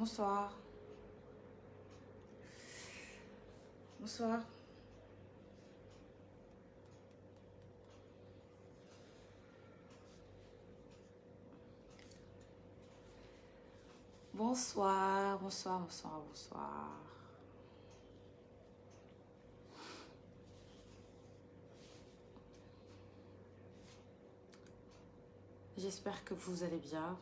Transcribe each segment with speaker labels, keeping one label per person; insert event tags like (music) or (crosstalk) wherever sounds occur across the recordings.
Speaker 1: Bonsoir. Bonsoir. Bonsoir, bonsoir, bonsoir, bonsoir. J'espère que vous allez bien.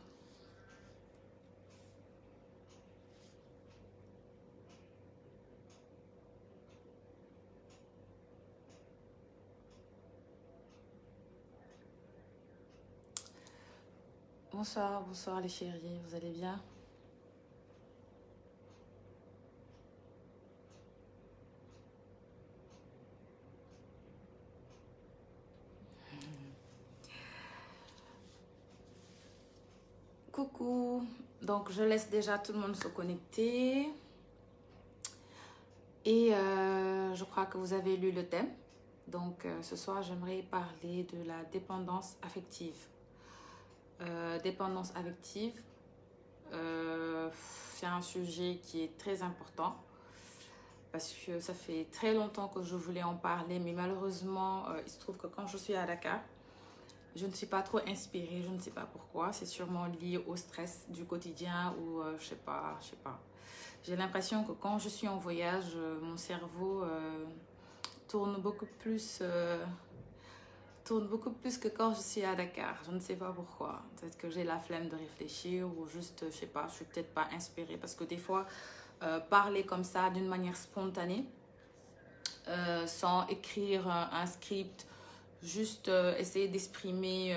Speaker 1: Bonsoir, bonsoir les chéris, vous allez bien Coucou, donc je laisse déjà tout le monde se connecter. Et euh, je crois que vous avez lu le thème. Donc euh, ce soir, j'aimerais parler de la dépendance affective. Euh, dépendance affective, euh, c'est un sujet qui est très important parce que ça fait très longtemps que je voulais en parler, mais malheureusement, euh, il se trouve que quand je suis à Dakar, je ne suis pas trop inspirée, je ne sais pas pourquoi. C'est sûrement lié au stress du quotidien ou je sais pas, je sais pas. J'ai l'impression que quand je suis en voyage, mon cerveau tourne beaucoup plus beaucoup plus que quand je suis à Dakar. Je ne sais pas pourquoi. Peut-être que j'ai la flemme de réfléchir ou juste, je sais pas, je suis peut-être pas inspirée. Parce que des fois, euh, parler comme ça d'une manière spontanée, euh, sans écrire un, script, juste euh, essayer d'exprimer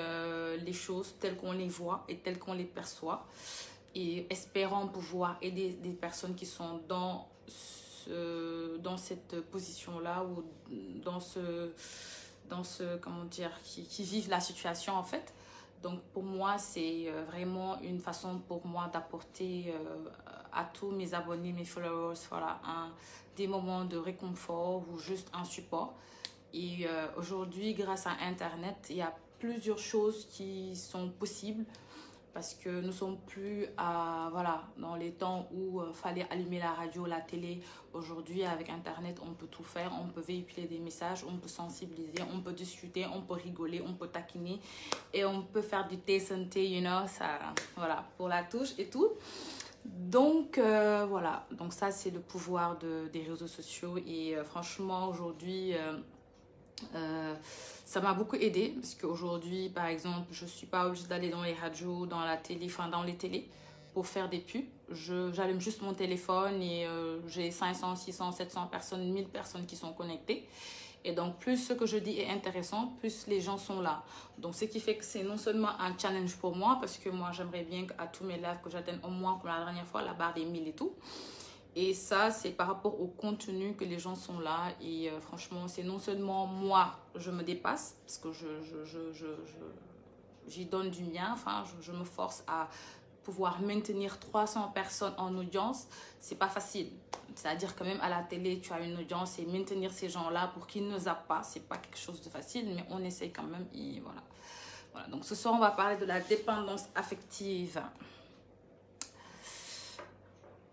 Speaker 1: les choses telles qu'on les voit et telles qu'on les perçoit. Et espérant pouvoir aider des personnes qui sont dans, ce, dans cette position-là ou dans ce dans ce, comment dire, qui, qui vivent la situation en fait. Donc pour moi, c'est euh, vraiment une façon pour moi d'apporter euh, à tous mes abonnés, mes followers, voilà, des moments de réconfort ou juste un support. Et euh, aujourd'hui, grâce à Internet, il y a plusieurs choses qui sont possibles parce que nous sommes plus à, voilà, dans les temps où il euh, fallait allumer la radio, la télé. Aujourd'hui, avec Internet, on peut tout faire. On peut véhiculer des messages, on peut sensibiliser, on peut discuter, on peut rigoler, on peut taquiner et on peut faire du thé santé, you know, ça, voilà, pour la touche et tout. Donc euh, voilà, donc ça c'est le pouvoir de, des réseaux sociaux et euh, franchement aujourd'hui... Euh, ça m'a beaucoup aidé parce qu'aujourd'hui, par exemple, je ne suis pas obligée d'aller dans les radios, dans la télé, enfin dans les télés pour faire des pubs. J'allume juste mon téléphone et euh, j'ai 500, 600, 700 personnes, 1000 personnes qui sont connectées. Et donc, plus ce que je dis est intéressant, plus les gens sont là. Donc, ce qui fait que c'est non seulement un challenge pour moi, parce que moi, j'aimerais bien qu'à tous mes lives que j'atteigne au moins, comme la dernière fois, la barre des 1000 et tout. Et ça, c'est par rapport au contenu que les gens sont là. Et euh, franchement, c'est non seulement moi, je me dépasse, parce que je, je, je, je j'y donne du mien. Enfin, je, me force à pouvoir maintenir 300 personnes en audience. C'est pas facile. C'est-à-dire que même à la télé, tu as une audience et maintenir ces gens-là pour qu'ils ne zappent pas, c'est pas quelque chose de facile, mais on essaye quand même. Et voilà. voilà. Donc ce soir, on va parler de la dépendance affective.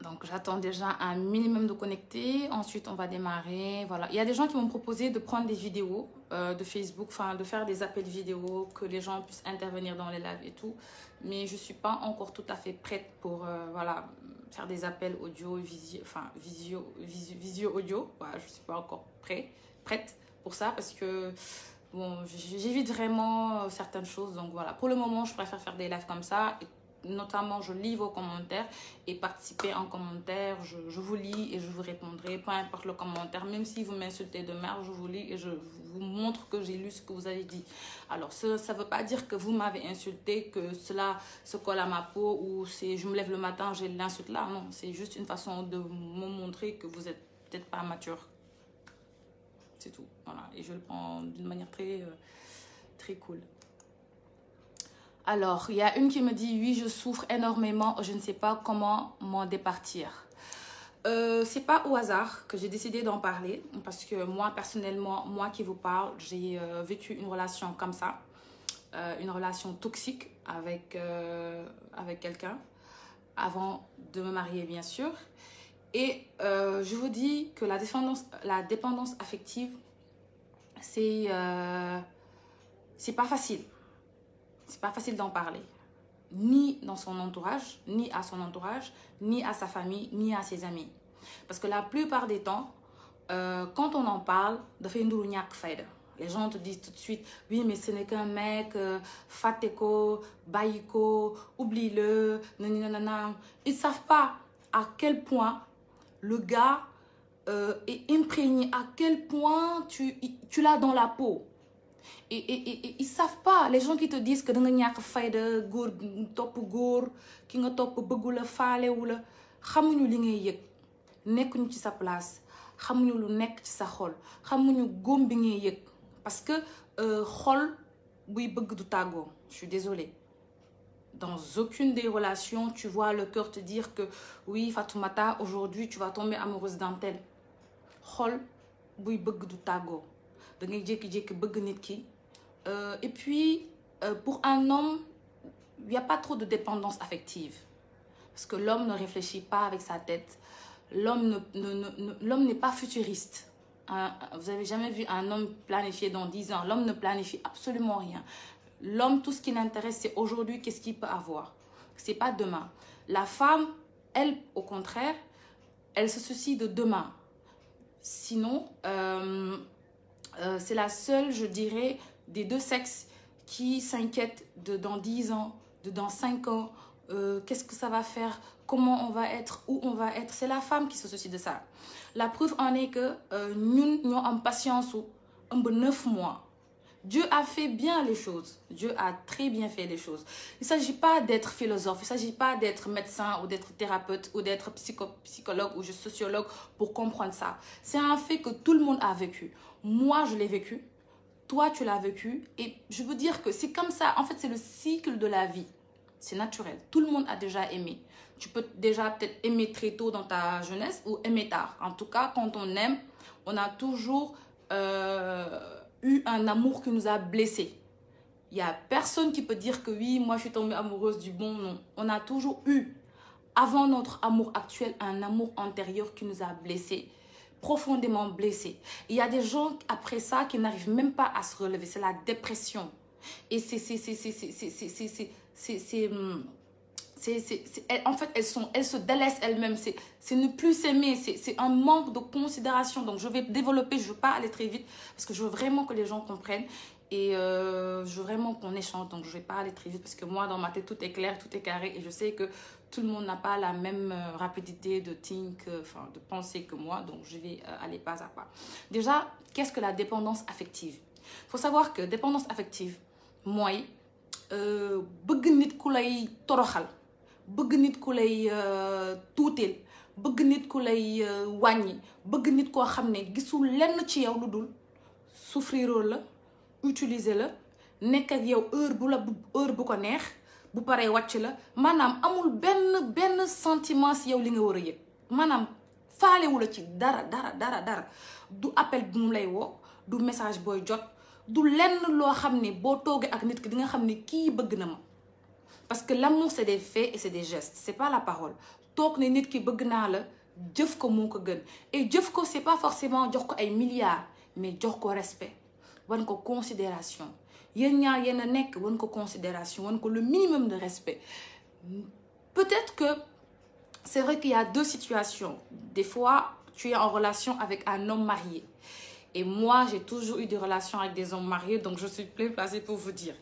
Speaker 1: Donc j'attends déjà un minimum de connectés. Ensuite, on va démarrer. Voilà. Il y a des gens qui m'ont proposé de prendre des vidéos euh, de Facebook, enfin de faire des appels vidéo, que les gens puissent intervenir dans les lives et tout. Mais je ne suis pas encore tout à fait prête pour euh, voilà, faire des appels audio, visio, enfin visio, visio, audio. je ne suis pas encore prêt, prête pour ça parce que bon, j'évite vraiment euh, certaines choses. Donc voilà, pour le moment, je préfère faire des lives comme ça notamment je lis vos commentaires et participez en commentaire. Je, vous lis et je vous répondrai, peu importe le commentaire. Même si vous m'insultez de merde, je vous lis et je vous montre que j'ai lu ce que vous avez dit. Alors, ça veut pas dire que vous m'avez insulté, que cela se colle à ma peau ou c'est je me lève le matin, j'ai l'insulte là. Non, c'est juste une façon de me montrer que vous êtes peut-être pas mature. C'est tout. Voilà. Et je le prends d'une manière très, euh, très cool. Alors, il y a une qui me dit, oui, je souffre énormément, je ne sais pas comment m'en départir. Ce euh, c'est pas au hasard que j'ai décidé d'en parler parce que moi personnellement, moi qui vous parle, j'ai euh, vécu une relation comme ça, euh, une relation toxique avec, avec quelqu'un avant de me marier bien sûr. Et je vous dis que la dépendance, la dépendance affective, c'est c'est pas facile c'est pas facile d'en parler. Ni dans son entourage, ni à son entourage, ni à sa famille, ni à ses amis. Parce que la plupart des temps, euh, quand on en parle, les gens te disent tout de suite, oui, mais ce n'est qu'un mec, euh, fatéco, baïko, oublie-le, nanana. Ils ne savent pas à quel point le gars euh, est imprégné, à quel point tu, tu l'as dans la peau et, et, et, ils savent pas les gens qui te disent que fay de top ki nga top de la la xamuñu li ngay yek, ci sa place xamuñu lu nekk sa xol xamuñu bi ngay parce que euh, xol du je suis désolée dans aucune des relations tu vois le cœur te dire que oui Fatoumata aujourd'hui tu vas tomber amoureuse d'un tel xol du euh, et puis euh, pour un homme il y a pas trop de dépendance affective parce que l'homme ne réfléchit pas avec sa tête l'homme ne, l'homme n'est pas futuriste vous avez jamais vu un homme planifier dans 10 ans l'homme ne planifie absolument rien l'homme tout ce qui l'intéresse c'est aujourd'hui qu'est-ce qu'il peut avoir c'est pas demain la femme elle au contraire elle se soucie de demain sinon euh, euh, c'est la seule, je dirais, des deux sexes qui s'inquiète de dans 10 ans, de dans 5 ans, euh, qu'est-ce que ça va faire, comment on va être, où on va être. C'est la femme qui se soucie de ça. La preuve en est que nous, nous en patience ou un 9 mois. Dieu a fait bien les choses. Dieu a très bien fait les choses. Il ne s'agit pas d'être philosophe, il ne s'agit pas d'être médecin ou d'être thérapeute ou d'être psychologue ou sociologue pour comprendre ça. C'est un fait que tout le monde a vécu. Moi, je l'ai vécu. Toi, tu l'as vécu. Et je veux dire que c'est comme ça. En fait, c'est le cycle de la vie. C'est naturel. Tout le monde a déjà aimé. Tu peux déjà peut-être aimer très tôt dans ta jeunesse ou aimer tard. En tout cas, quand on aime, on a toujours euh, eu un amour qui nous a blessés. Il n'y a personne qui peut dire que oui, moi je suis tombée amoureuse du bon. Non, on a toujours eu, avant notre amour actuel, un amour antérieur qui nous a blessés, profondément blessé. Il y a des gens après ça qui n'arrivent même pas à se relever. C'est la dépression. Et c'est... En fait, elles, sont, elles se délaissent elles-mêmes. C'est ne plus s'aimer. C'est un manque de considération. Donc, je vais développer. Je ne veux pas aller très vite parce que je veux vraiment que les gens comprennent. Et je veux vraiment qu'on échange, donc je ne vais pas aller très vite parce que moi, dans ma tête, tout est clair, tout est carré. Et je sais que tout le monde n'a pas la même euh, rapidité de think, euh, enfin de pensée que moi, donc je vais euh, aller pas à pas. Déjà, qu'est-ce que la dépendance affective Il faut savoir que dépendance affective, moi, bëgg nit ku lay toroxal bëgg nit ku lay tuuteel bëgg nit ku lay wàññi bëgg nit koo xam ne gisul lenn ci yow lu dul la utiliser la nekk ak yow heure bu la heure bu ko bu paré wacc la manam amul benn ben sentiment si yow li nga wara a manam falé ci dara dara dara dara du appel bu mou lay wo du message boy jot du lenn lo xamné bo togué ak nit ki di nga xamné ki parce que l'amour c'est des faits et c'est des gestes c'est pas la parole toog nit ki bëgg la jëf ko gën et jëf ko c'est pas forcément jox ko ay milliards mais jox ko respect wan ko considération il a a considération le minimum de respect peut-être que c'est vrai qu'il y a deux situations des fois tu es en relation avec un homme marié et moi j'ai toujours eu des relations avec des hommes mariés donc je suis bien placée pour vous dire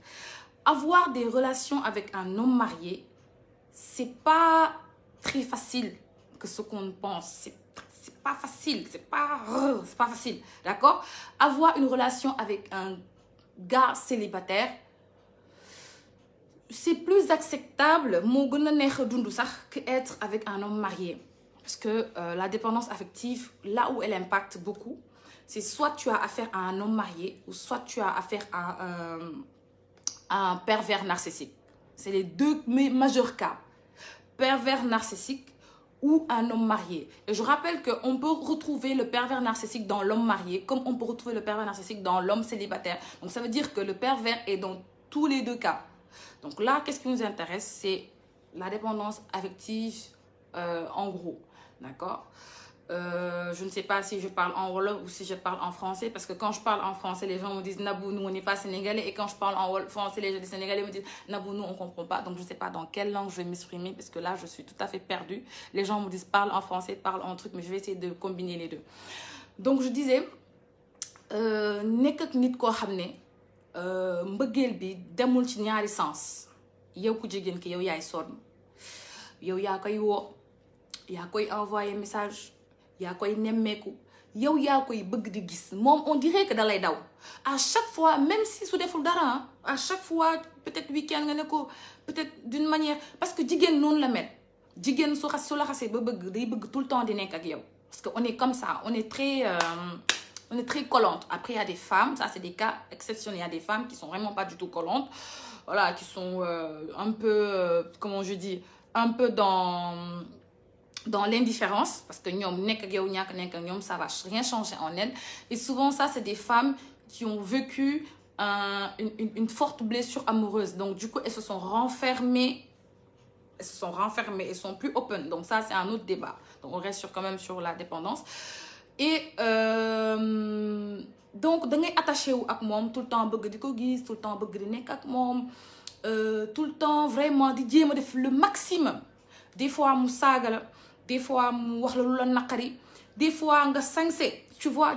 Speaker 1: avoir des relations avec un homme marié c'est pas très facile que ce qu'on pense c'est pas facile c'est pas pas facile d'accord avoir une relation avec un gars célibataire c'est plus acceptable que être avec un homme marié parce que euh, la dépendance affective là où elle impacte beaucoup c'est soit tu as affaire à un homme marié ou soit tu as affaire à, euh, à un pervers narcissique c'est les deux majeurs cas pervers narcissique ou un homme marié. Et je rappelle qu'on peut retrouver le pervers narcissique dans l'homme marié, comme on peut retrouver le pervers narcissique dans l'homme célibataire. Donc ça veut dire que le pervers est dans tous les deux cas. Donc là, qu'est-ce qui nous intéresse C'est la dépendance affective, euh, en gros. D'accord euh, je ne sais pas si je parle en Wolof ou si je parle en français, parce que quand je parle en français, les gens me disent Nabou, nous on n'est pas sénégalais. Et quand je parle en Wolof, français, les gens sénégalais me disent Nabou, nous on comprend pas. Donc je ne sais pas dans quelle langue je vais m'exprimer, parce que là je suis tout à fait perdue. Les gens me disent parle en français, parle en truc, mais je vais essayer de combiner les deux. Donc je disais, euh, nekak nit ko xamné euh, bi demul ci ñaari sens yow ku yow yow ya koy message yaa koy yow yaa koy di gis moom on dirait que dans les daw à chaque fois même si su deful dara hein, à chaque fois peut-être week-end peut-être d'une manière parce que digen non la met digen su xas la ba day tout le temps di nekk parce qu'on est comme ça on est très euh, on est très collante après il y a des femmes ça c'est des cas exceptionnels il y a des femmes qui sont vraiment pas du tout collantes voilà qui sont euh, un peu euh, comment je dis un peu dans dans l'indifférence, parce que ça va rien changer en elle Et souvent, ça, c'est des femmes qui ont vécu euh, une, forte blessure amoureuse. Donc, du coup, elles se sont renfermées. Elles se sont renfermées, elles sont plus open. Donc, ça, c'est un autre débat. Donc, on reste sur, quand même sur la dépendance. Et euh, donc, vous êtes attaché à mon tout le temps, tout le temps, euh, tout le temps, vraiment, le maximum. Des fois, vous des fois moi wax la des fois nga tu vois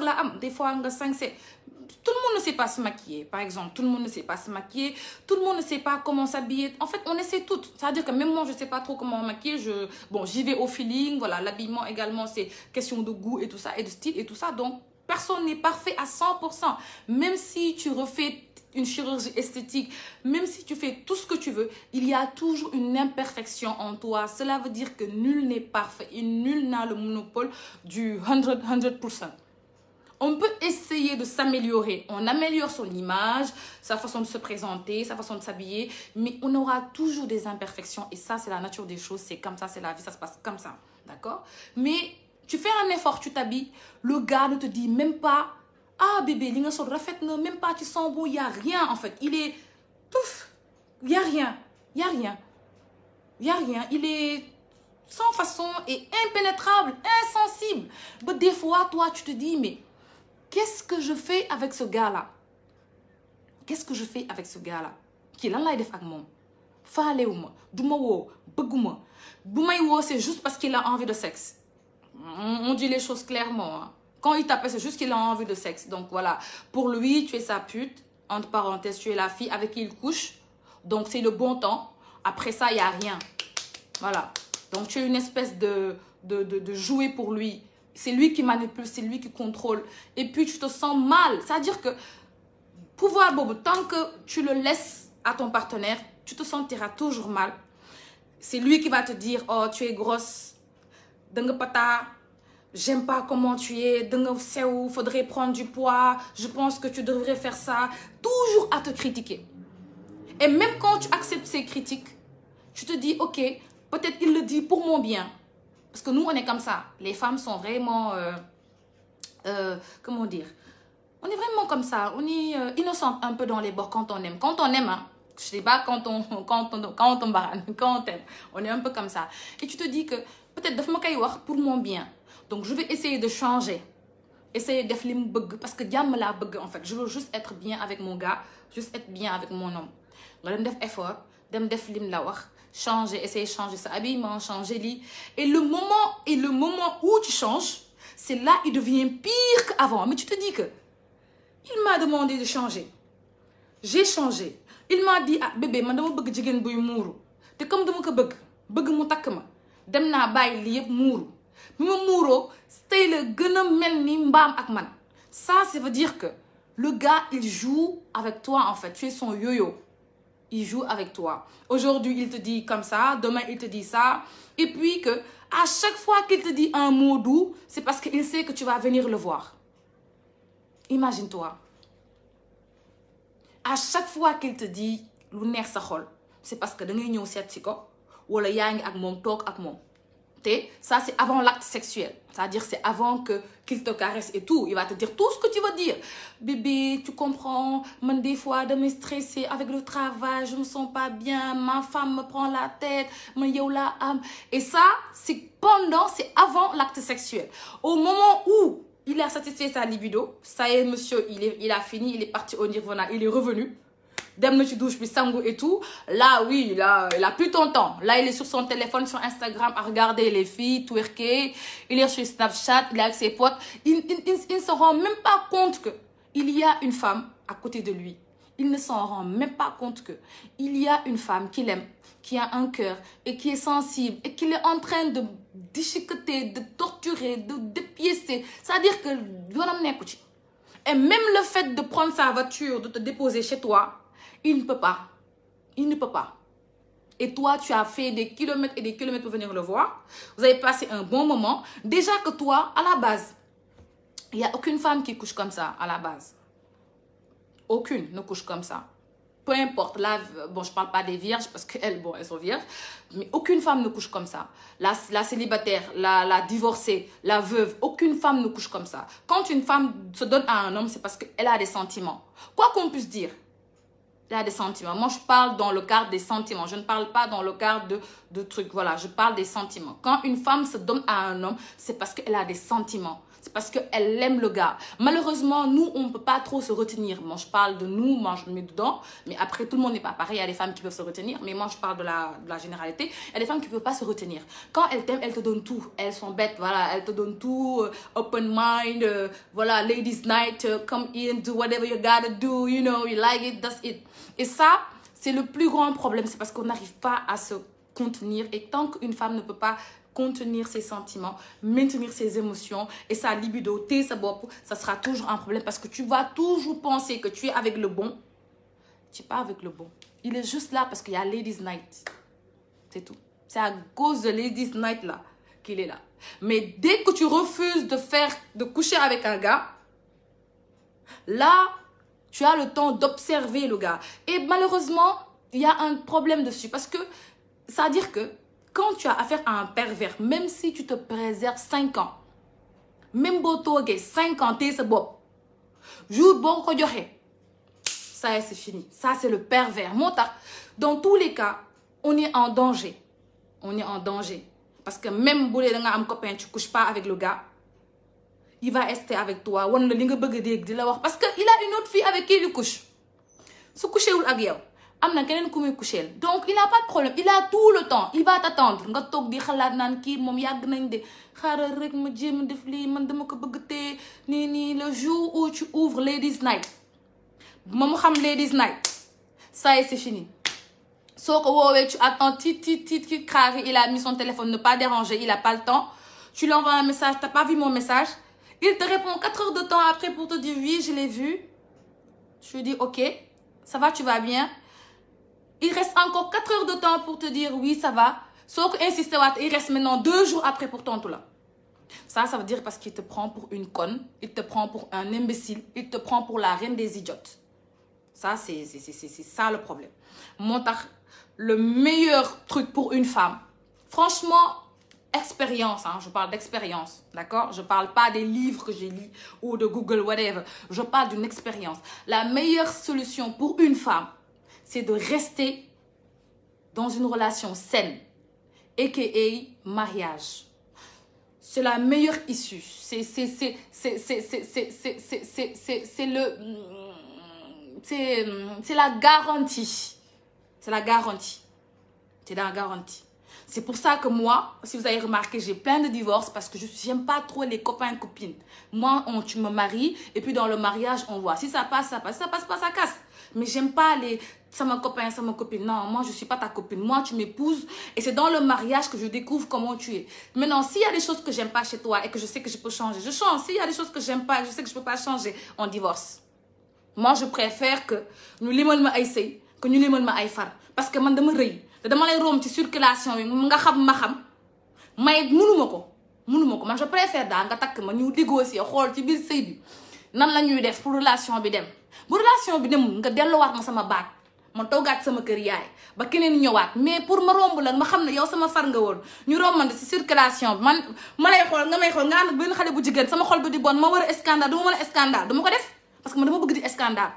Speaker 1: la am des fois nga tout le monde ne sait pas se maquiller par exemple tout le monde ne sait pas se maquiller tout le monde ne sait pas comment s'habiller en fait on essaie tout c'est-à-dire que même moi je sais pas trop comment maquiller je bon j'y vais au feeling voilà l'habillement également c'est question de goût et tout ça et de style et tout ça donc personne n'est parfait à 100% même si tu refais une chirurgie esthétique, même si tu fais tout ce que tu veux, il y a toujours une imperfection en toi. Cela veut dire que nul n'est parfait et nul n'a le monopole du 100%. 100%. On peut essayer de s'améliorer. On améliore son image, sa façon de se présenter, sa façon de s'habiller, mais on aura toujours des imperfections. Et ça, c'est la nature des choses. C'est comme ça, c'est la vie, ça se passe comme ça. D'accord Mais tu fais un effort, tu t'habilles. Le gars ne te dit même pas ah bébé il rafet ne même pas tu son il y' a rien en fait il est pouf y' a rien Il y' a rien Il y' a rien il est sans façon et impénétrable insensible Mais des fois toi tu te dis mais qu'est-ce que je fais avec ce gars là qu'est-ce que je fais avec ce gars là Qui lan lay def ak moi. faalewu moi, du ma woo c'est juste parce qu'il a envie de sexe on dit les choses clairement hein. Quand il t'appelle, c'est juste qu'il a envie de sexe. Donc voilà, pour lui, tu es sa pute, entre parenthèses, tu es la fille avec qui il couche. Donc c'est le bon temps. Après ça, il n'y a rien. Voilà. Donc tu es une espèce de, de, de, jouet pour lui. C'est lui qui manipule, c'est lui qui contrôle. Et puis tu te sens mal. C'est-à-dire que pouvoir Bobo, tant que tu le laisses à ton partenaire, tu te sentiras toujours mal. C'est lui qui va te dire, oh, tu es grosse. pata, j'aime pas comment tu es, où? faudrait prendre du poids, je pense que tu devrais faire ça. Toujours à te critiquer. Et même quand tu acceptes ces critiques, tu te dis, ok, peut-être qu'il le dit pour mon bien. Parce que nous, on est comme ça. Les femmes sont vraiment, euh, euh, comment dire, on est vraiment comme ça. On est euh, innocente un peu dans les bords quand on aime. Quand on aime, hein, je sais pas, quand on, (laughs) quand on, quand on barane, (laughs) quand on aime, on est un peu comme ça. Et tu te dis que peut-être, pour mon bien, donc je vais essayer de changer essayer de faire mu parce que me l'a en fait je veux juste être bien avec mon gars juste être bien avec mon homme Je dem def effort dem def lim la wax changer essayer changer sa habillement changer lit. et le moment et le moment où tu changes c'est là il devient pire qu'avant mais tu te dis que il m'a demandé de changer j'ai changé il m'a dit ah bébé man dama bëgg jigéen buy muuru te comme dama ko bëgg je mu je ma dem Je vais li yëpp ça ça veut dire que le gars il joue avec toi en fait tu es son yo-yo il joue avec toi aujourd'hui il te dit comme ça demain il te dit ça et puis que à chaque fois qu'il te dit un mot doux c'est parce qu'il sait que tu vas venir le voir imagine-toi à chaque fois qu'il te dit c'est parce que tu es un homme ou ko ça c'est avant l'acte sexuel. C'est-à-dire c'est avant que qu'il te caresse et tout. Il va te dire tout ce que tu veux dire. Bébé, tu comprends, même des fois de me stresser avec le travail, je me sens pas bien, ma femme me prend la tête, me la âme. Et ça, c'est pendant, c'est avant l'acte sexuel. Au moment où il a satisfait sa libido, ça y est monsieur, il, est, il a fini, il est parti au nirvana, il est revenu dem na ci douche bi sangu et tout là oui là il a plus ton temps là il est sur son téléphone sur Instagram à regarder les filles twerker il est sur Snapchat il est avec ses potes il ne se rend même pas compte que il y a une femme à côté de lui il ne s'en rend même pas compte que il y a une femme qu'il aime qui a un cœur et qui est sensible et qu'il est en train de déchiqueter de torturer de dépiécer c'est-à-dire que et même le fait de prendre sa voiture de te déposer chez toi il ne peut pas. Il ne peut pas. Et toi, tu as fait des kilomètres et des kilomètres pour venir le voir. Vous avez passé un bon moment. Déjà que toi, à la base, il n'y a aucune femme qui couche comme ça, à la base. Aucune ne couche comme ça. Peu importe, là, bon, je ne parle pas des vierges parce qu'elles, bon, elles sont vierges. Mais aucune femme ne couche comme ça. La, célibataire, la, la, divorcée, la veuve, aucune femme ne couche comme ça. Quand une femme se donne à un homme, c'est parce qu'elle a des sentiments. Quoi qu'on puisse dire, des sentiments. Moi, je parle dans le cadre des sentiments. Je ne parle pas dans le cadre de, de trucs. Voilà, je parle des sentiments. Quand une femme se donne à un homme, c'est parce qu'elle a des sentiments c'est parce qu'elle aime le gars. Malheureusement, nous, on ne peut pas trop se retenir. Moi, je parle de nous, moi, je me mets dedans. Mais après, tout le monde n'est pas pareil. Il y a des femmes qui peuvent se retenir. Mais moi, je parle de la, généralité. Il y a des femmes qui ne peuvent pas se retenir. Quand elles t'aiment, elles te donnent tout. Elles sont bêtes, voilà. Elles te donnent tout. Euh, open mind, euh, voilà. Ladies night, euh, come in, do whatever you gotta do. You know, you like it, that's it. Et ça, c'est le plus grand problème. C'est parce qu'on n'arrive pas à se contenir. Et tant qu'une femme ne peut pas contenir ses sentiments, maintenir ses émotions et sa libido, ça sera toujours un problème parce que tu vas toujours penser que tu es avec le bon. Tu n'es pas avec le bon. Il est juste là parce qu'il y a Ladies Night. C'est tout. C'est à cause de Ladies Night là qu'il est là. Mais dès que tu refuses de faire, de coucher avec un gars, là, tu as le temps d'observer le gars. Et malheureusement, il y a un problème dessus parce que ça veut dire que quand tu as affaire à un pervers, même si tu te préserves 5 ans, même si 5 ans, tu es bon. Jour bon, ça c'est fini. Ça, c'est le pervers. Dans tous les cas, on est en danger. On est en danger. Parce que même si tu as un copain, tu ne couches pas avec le gars, il va rester avec toi. Parce qu'il a une autre fille avec qui il couche. Se coucher avec toi amna keneen ku donc il n'a pas de problème il a tout le temps il va t'attendre nga toog di xalaat naan kii moom yàgg nañ de xaaral rek ma jéem def lii man dama ko bëgg tee nii le jour où tu ouvres ladies night ma mu xam ladies night ça y est c'est fini soo ko woowee tu attends tiit tiit tiit tiit il a mis son téléphone ne pas déranger il a pas le temps tu lui envoies un message t'as pas vu mon message il te répond 4 heures de temps après pour te dire oui je l'ai vu je lui dis ok ça va tu vas bien il reste encore 4 heures de temps pour te dire oui, ça va. Sauf qu'insister, il reste maintenant 2 jours après pour ton là. Ça, ça veut dire parce qu'il te prend pour une conne, il te prend pour un imbécile, il te prend pour la reine des idiotes. Ça, c'est ça le problème. Montar, le meilleur truc pour une femme, franchement, expérience, hein, je parle d'expérience, d'accord Je parle pas des livres que j'ai lus ou de Google, whatever. Je parle d'une expérience. La meilleure solution pour une femme, c'est de rester dans une relation saine, et a.k.a. mariage. C'est la meilleure issue. C'est le... C'est la garantie. C'est la garantie. C'est la garantie. C'est pour ça que moi, si vous avez remarqué, j'ai plein de divorces parce que je n'aime pas trop les copains et copines. Moi, on, tu me maries et puis dans le mariage, on voit. Si ça passe, ça passe. ça passe pas, ça casse mais j'aime pas les ça mon copain, ça mon copine. Non, moi je suis pas ta copine. Moi tu m'épouses et c'est dans le mariage que je découvre comment tu es. Maintenant, s'il y a des choses que j'aime pas chez toi et que je sais que je peux changer, je change. S'il y a des choses que j'aime pas, je sais que je peux pas changer, on divorce. Moi je préfère que nous limal ma ay que nous limal ma ay parce que man dama reuy. te dama lay rom ci circulation bi nga xam ma xam may mënuma ko nous man je préfère daal nga je ma ñu négocier xol ci biir sëy bi nan la ñuy def pour relation bi dem bu relation bi demul nga delluwaat ma sama baat ma toogaat sama kër yaay ba keneen ñëwaat mais pour ma romb la ma xam ne yow sama far nga woon ñu rombante si circulation bi man ma lay xool nga may xool nga ànd benn xale bu jigéen sama xol bi di bon ma war a scandale dama mën a scandale dama ko def parce que man dama bëgg di scandale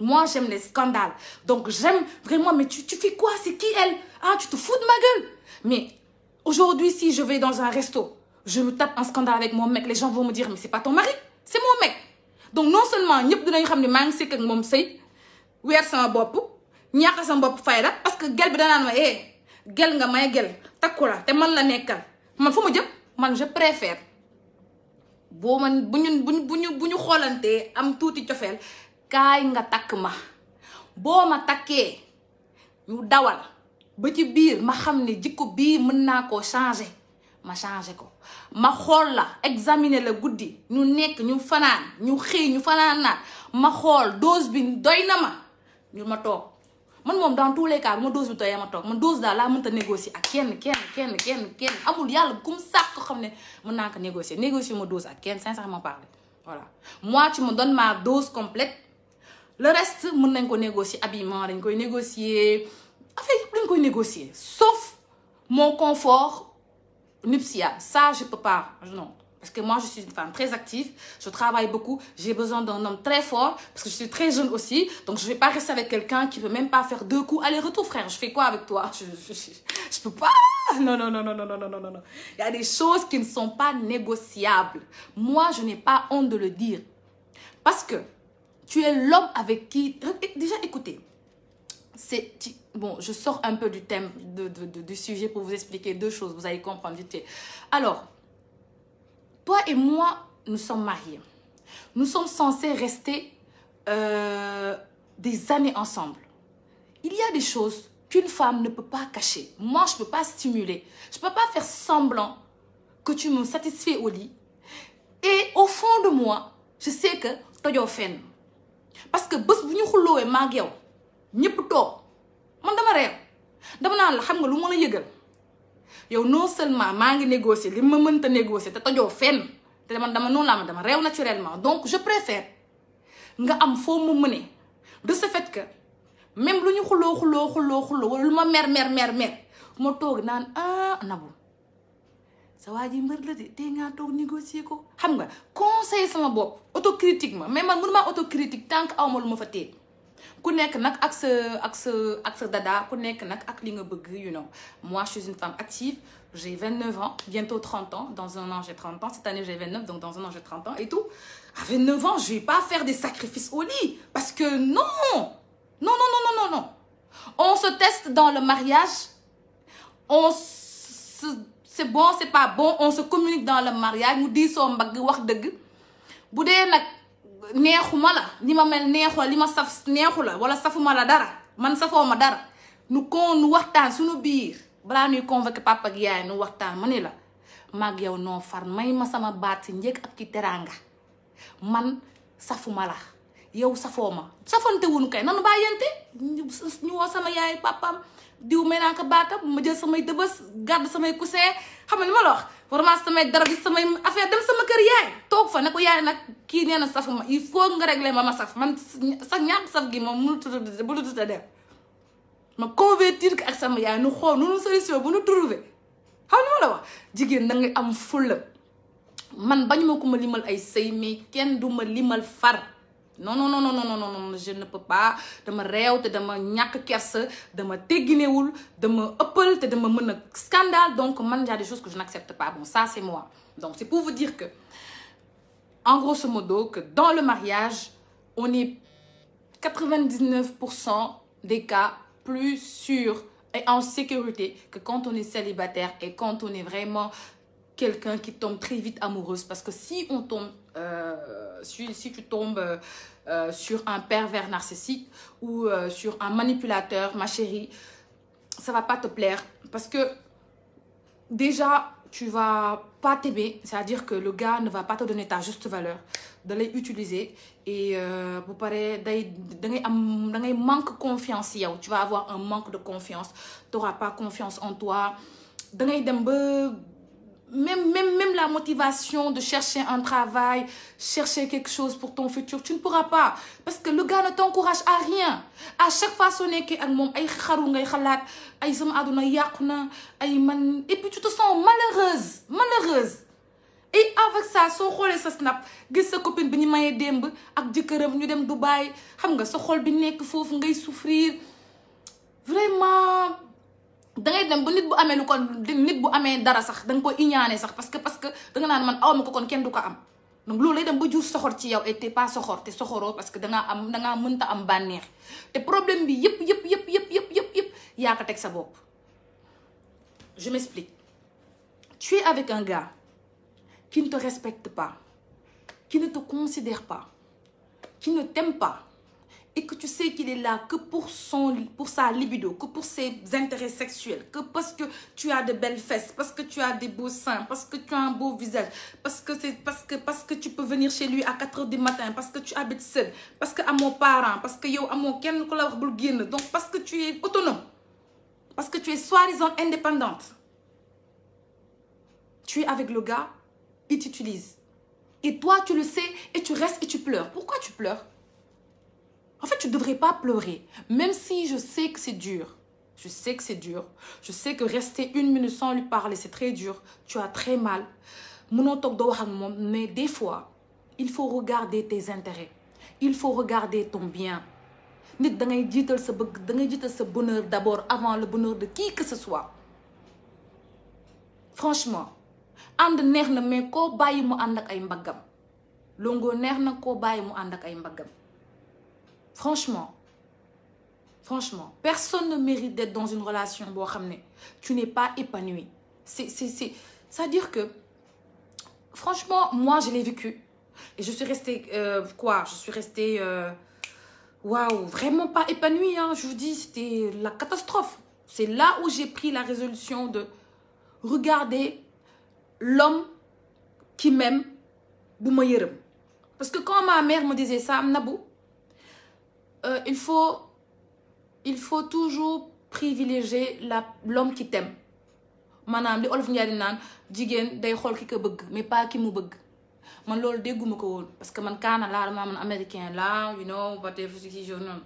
Speaker 1: moi j'aime les scandales donc j'aime vraiment mais tu tu fais quoi c'est qui elle ah tu te fous de ma gueule mais aujourd'hui si je vais dans un resto je me tape un scandale avec mon mec les gens vont me dire mais c'est pas ton mari c'est mon mec donc non seulement ñëpp dinañ xam ne maa ngi sikk ak moom sëy weer sama bopp ñàkk sama bopp fayda parce que gel bi danaan ma eh nga may gel takku la te man la nekkal man fu ma jëm man je préfère boo man bu ñu bu ñu bu ñu xoolantee am tuuti cofeel kaay nga takk ma boo ma takkee ñu dawal ba ci biir ma xam ne jikko bii mën naa koo changer. ma changé ko ma xol la examiner le goudi ñu nek ñu fanan ñu xey ñu fanan na ma xol dose bi doyna ma ñu ma tok man mom dans tous les cas bu ma dose bi doyee ma man dose da la meunta négocier ak kenn kenn kenn kenn kenn amul yalla kum sàkk ko xamne mën naa négocier négocier ma dose ak kenn sincèrement parler voilà moi tu me donnes ma dose complète le reste mën nañ ko négocier habillement dañ koy négocier affaire yëpp koy négocier sauf mon confort nuptiale. Ça, je ne peux pas. Non. Parce que moi, je suis une femme très active, je travaille beaucoup, j'ai besoin d'un homme très fort, parce que je suis très jeune aussi, donc je ne vais pas rester avec quelqu'un qui ne peut même pas faire deux coups Allez, retour frère. Je fais quoi avec toi Je ne peux pas. Non, non, non, non, non, non, non, non, non. Il y a des choses qui ne sont pas négociables. Moi, je n'ai pas honte de le dire. Parce que tu es l'homme avec qui... Déjà, écoutez, c'est... Bon, je sors un peu du thème, du sujet pour vous expliquer deux choses. Vous allez comprendre vite fait. Alors, toi et moi, nous sommes mariés. Nous sommes censés rester euh, des années ensemble. Il y a des choses qu'une femme ne peut pas cacher. Moi, je ne peux pas stimuler. Je ne peux pas faire semblant que tu me satisfais au lit. Et au fond de moi, je sais que tu as Parce que si nous ñëpp toog man dama reer dama là, xam nga lu mën a Je yow non seulement Je ngi négocier li ma mënta négocier te Je te man dama Je naturellement donc je préfère nga am Je de ce fait que même lu ñu mer mer mer mer ah sa de je négocier ko xam nga conseil sama Je autocritique mais man autocritique tant que je moi je suis une femme active j'ai 29 ans bientôt 30 ans dans un an j'ai 30 ans cette année j'ai 29 donc dans un an j'ai 30 ans et tout à 29 ans je vais pas faire des sacrifices au lit parce que non non non non non non non on se teste dans le mariage on c'est bon c'est pas bon on se communique dans le mariage nous disons, on wax neexuma la li ma mel neexu la li ma saf neexu la wala safuma la dara man safoo ma dara nu kon nu waxtaan suñu biir balaa nuy convoqué papa yaay nu waxtaan ma ni la maag yow noo far may ma sama baat si njëkk ak ci teraanga man safuma la yow safoo ma safante wuñu kay nanu bàyyante ñu woo sama yaay papaam diw may naa ko baaka ma jël samay dëbës gàdd samay coussin xam nga li ma la wax vraiment samay dara bi samay affaire dem sama kër yaay toog fa ne ko yaay nag kii nee na safu ma il faut nga régler ma ma saf man sax ñaata saf gi moom mënut a mënut a dem ma ak sama yaay nu xool bu nu trouvé xam nga ma la wax jigéen da ngay am fulla man bañ ma ma limal ay sëy mais kenn du ma limal far. non non non non non non non je ne peux pas De de me te dama de kersa dama de de me te de me me scandale donc man y des choses que je n'accepte pas bon ça c'est moi donc c'est pour vous dire que en grosso modo que dans le mariage on est 99% des cas plus sûr et en sécurité que quand on est célibataire et quand on est vraiment quelqu'un qui tombe très vite amoureuse parce que si on tombe euh, si, tu tombes euh, sur un pervers narcissique ou euh, sur un manipulateur, ma chérie, ça va pas te plaire. Parce que déjà, tu vas pas t'aimer. C'est-à-dire que le gars ne va pas te donner ta juste valeur. De utiliser. Et pour parler, d'un manque confiance. Tu vas avoir un manque de confiance. Tu n'auras pas confiance en toi. D'un même, même, même la motivation de chercher un travail, chercher quelque chose pour ton futur, tu ne pourras pas. Parce que le gars ne t'encourage à rien. À chaque fois, son est que et puis tu te sens malheureuse, malheureuse. Et avec ça, son xoolee sa snap gis sa copine bi ñu mayee démb ak jëkkëram ñu dem Dubaï xam nga sa xol bi nekk ngay souffrir vraiment. da ngay dem ba nit bu amé lu kon nit bu amé dara sax dang ko koy sax parce que parce que da nga nan man awma ko kon kenn du ko am donc loolu lay dem ba jour soxor ci yow et t'es pas soxor te soxoro parce que nga am nga mënta am banex té problème bi yëpp yëpp yëpp yëpp yëpp yëpp yëpp ya ka teg sa bop je m'explique tu es avec un gars qui ne te respecte pas qui ne te considère pas qui ne t'aime pas et que tu sais qu'il est là que pour, son, pour sa libido, que pour ses intérêts sexuels, que parce que tu as de belles fesses, parce que tu as des beaux seins, parce que tu as un beau visage, parce que, parce que, parce que tu peux venir chez lui à 4h du matin, parce que tu habites seul, parce que à mon parent, parce que donc parce que tu es autonome, parce que tu es soi-disant indépendante. Tu es avec le gars, il t'utilise. Et toi, tu le sais et tu restes et tu pleures. Pourquoi tu pleures en fait, tu ne devrais pas pleurer, même si je sais que c'est dur. Je sais que c'est dur. Je sais que rester une minute sans lui parler, c'est très dur. Tu as très mal. Mais des fois, il faut regarder tes intérêts. Il faut regarder ton bien. ce bonheur d'abord avant le bonheur de qui que ce soit. Franchement, and na ko Franchement. Franchement. Personne ne mérite d'être dans une relation. Tu n'es pas épanoui. C'est-à-dire que, franchement, moi, je l'ai vécu. Et je suis restée, euh, quoi Je suis restée, euh, waouh, vraiment pas épanouie. Hein. Je vous dis, c'était la catastrophe. C'est là où j'ai pris la résolution de regarder l'homme qui m'aime, Parce que quand ma mère me disait ça, Amnabou, euh, il, faut, il faut toujours privilégier l'homme qui t'aime. manam li olof njaay di jigen day xol ki ko bëgg mais pas ki mu bëgg man loolu dégguma ko won parce que man kana la dama man américain là, you know whatever si you know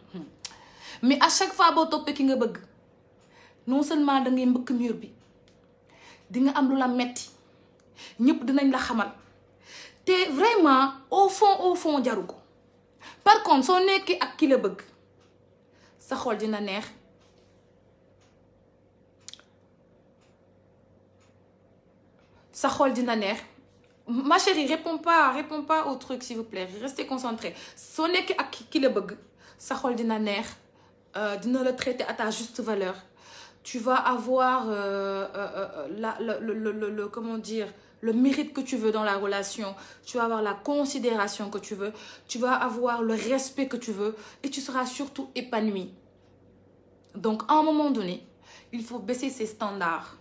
Speaker 1: mais à chaque fois boo topé ki nga bëgg non seulement da ngay mbëkk mur bi di nga am lu la metti ñëpp dinañ la xamal Té vraiment au fond au fond jaru par contre soo que akilebug. qui le sa xol dina neex sa xol dina neex ma chérie réponds pas réponds pas au truc s'il vous plaît restez concentré Ce que ak ki le bëgg sa xol dina neex euh, dina le traiter à ta juste valeur tu vas avoir euh, euh, la le le le comment dire le mérite que tu veux dans la relation, tu vas avoir la considération que tu veux, tu vas avoir le respect que tu veux et tu seras surtout épanoui. Donc, à un moment donné, il faut baisser ses standards.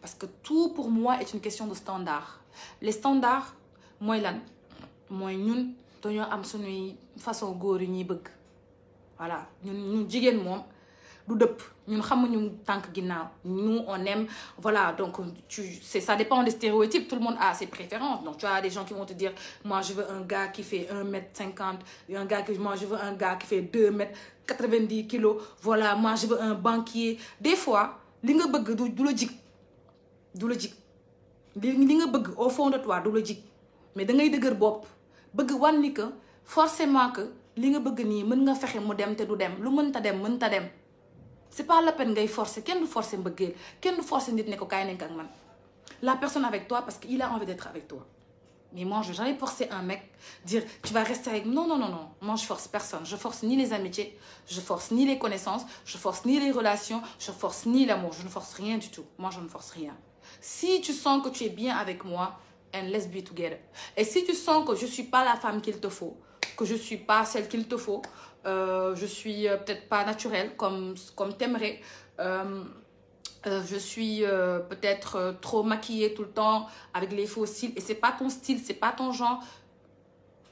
Speaker 1: Parce que tout pour moi est une question de standards. Les standards, moi, moi, nous, nous Voilà. Nous, nous, nous, du nous ñun xamuñu tànk nous on aime voilà donc tu c'est ça dépend des stéréotypes tout le monde a ses préférences donc tu as des gens qui vont te dire moi je veux un gars qui fait 1 mètre 50 un gars que moi je veux un gars qui fait 2 mètres 90 kilos voilà moi je veux un banquier des fois li nga bëgg du logique, du logique. li nga bëgg au fond de toi du logique. mais da ngay dëgër bopp bëgg que forcément que li nga bëgg nii mën fait Tu mu dem te du dem lu dem dem c'est pas la peine de forcer Qui nous forcer Qui forcer la personne avec toi parce qu'il a envie d'être avec toi mais moi je n'ai jamais forcé un mec dire tu vas rester avec non non non non moi je force personne je force ni les amitiés je force ni les connaissances je force ni les relations je force ni l'amour je ne force rien du tout moi je ne force rien si tu sens que tu es bien avec moi and let's be together et si tu sens que je ne suis pas la femme qu'il te faut que je ne suis pas celle qu'il te faut euh, je suis euh, peut-être pas naturelle comme, comme t'aimerais. Euh, euh, je suis peut-être trop maquillée tout le temps avec les faux cils et c'est pas ton style, c'est pas ton genre.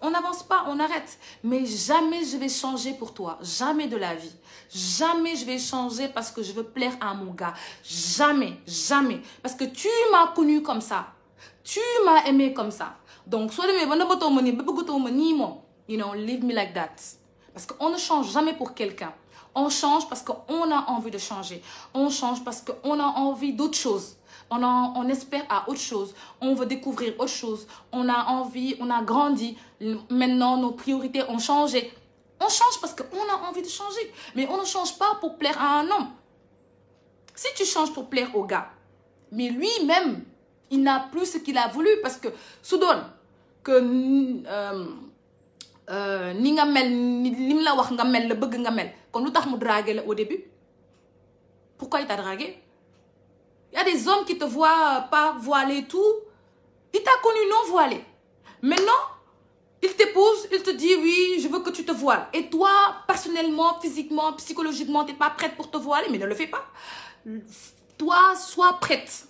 Speaker 1: On n'avance pas, on arrête. Mais jamais je vais changer pour toi. Jamais de la vie. Jamais je vais changer parce que je veux plaire à mon gars. Jamais, jamais. Parce que tu m'as connu comme ça. Tu m'as aimé comme ça. Donc, soit de mes bonnes you know, leave me like that. Parce qu'on ne change jamais pour quelqu'un. On change parce qu'on a envie de changer. On change parce qu'on a envie d'autre chose. On, espère à autre chose. On veut découvrir autre chose. On a envie, on a grandi. Maintenant, nos priorités ont changé. On change parce qu'on a envie de changer. Mais on ne change pas pour plaire à un homme. Si tu changes pour plaire au gars, mais lui-même, il n'a plus ce qu'il a voulu parce que, soudain, que... Euh, euh, ni nga mel ni la wax nga mel la bëgg nga mel au début pourquoi il t'a dragué y a des hommes qui te voient euh, pas voilé tout il t'a connu non voilé maintenant il t'épouse il te dit oui je veux que tu te voiles et toi personnellement physiquement psychologiquement tu n'es pas prête pour te voiler mais ne le fais pas toi sois prête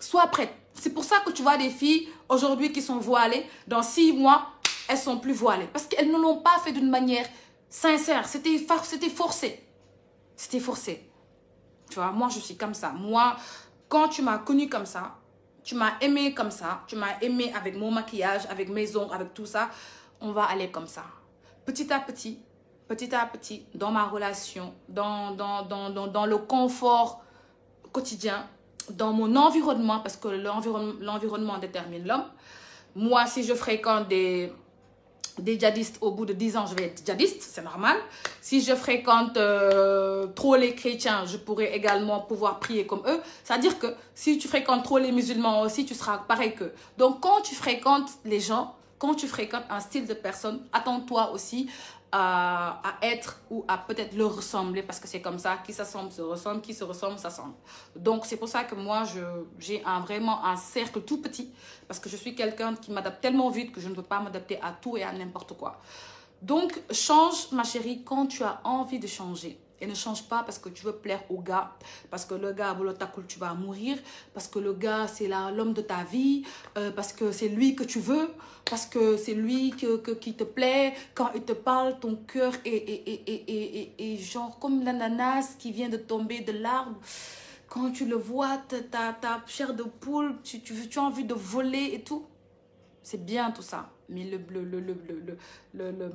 Speaker 1: sois prête c'est pour ça que tu vois des filles aujourd'hui qui sont voilées dans six mois elles sont plus voilées. Parce qu'elles ne l'ont pas fait d'une manière sincère. C'était forcé. C'était forcé. Tu vois, moi, je suis comme ça. Moi, quand tu m'as connue comme ça, tu m'as aimé comme ça, tu m'as aimé avec mon maquillage, avec mes ongles, avec tout ça, on va aller comme ça. Petit à petit, petit à petit, dans ma relation, dans, dans, dans, dans, dans le confort quotidien, dans mon environnement, parce que l'environnement détermine l'homme. Moi, si je fréquente des, des djihadistes au bout de 10 ans, je vais être djihadiste, c'est normal. Si je fréquente euh, trop les chrétiens, je pourrais également pouvoir prier comme eux. C'est-à-dire que si tu fréquentes trop les musulmans aussi, tu seras pareil qu'eux. Donc quand tu fréquentes les gens, quand tu fréquentes un style de personne, attends-toi aussi à, être ou à peut-être le ressembler parce que c'est comme ça, qui s'assemble se ressemble, qui se ressemble s'assemble. Donc c'est pour ça que moi j'ai vraiment un cercle tout petit parce que je suis quelqu'un qui m'adapte tellement vite que je ne peux pas m'adapter à tout et à n'importe quoi. Donc change ma chérie quand tu as envie de changer. Et ne change pas parce que tu veux plaire au gars. Parce que le gars, cool, tu vas mourir. Parce que le gars, c'est l'homme de ta vie. Euh, parce que c'est lui que tu veux. Parce que c'est lui que, qui te plaît. Quand il te parle, ton cœur est, est, genre comme l'ananas qui vient de tomber de l'arbre. Quand tu le vois, ta, chair de poule, tu, tu, tu as envie de voler et tout. C'est bien tout ça. Mais le, le, le, le, le, le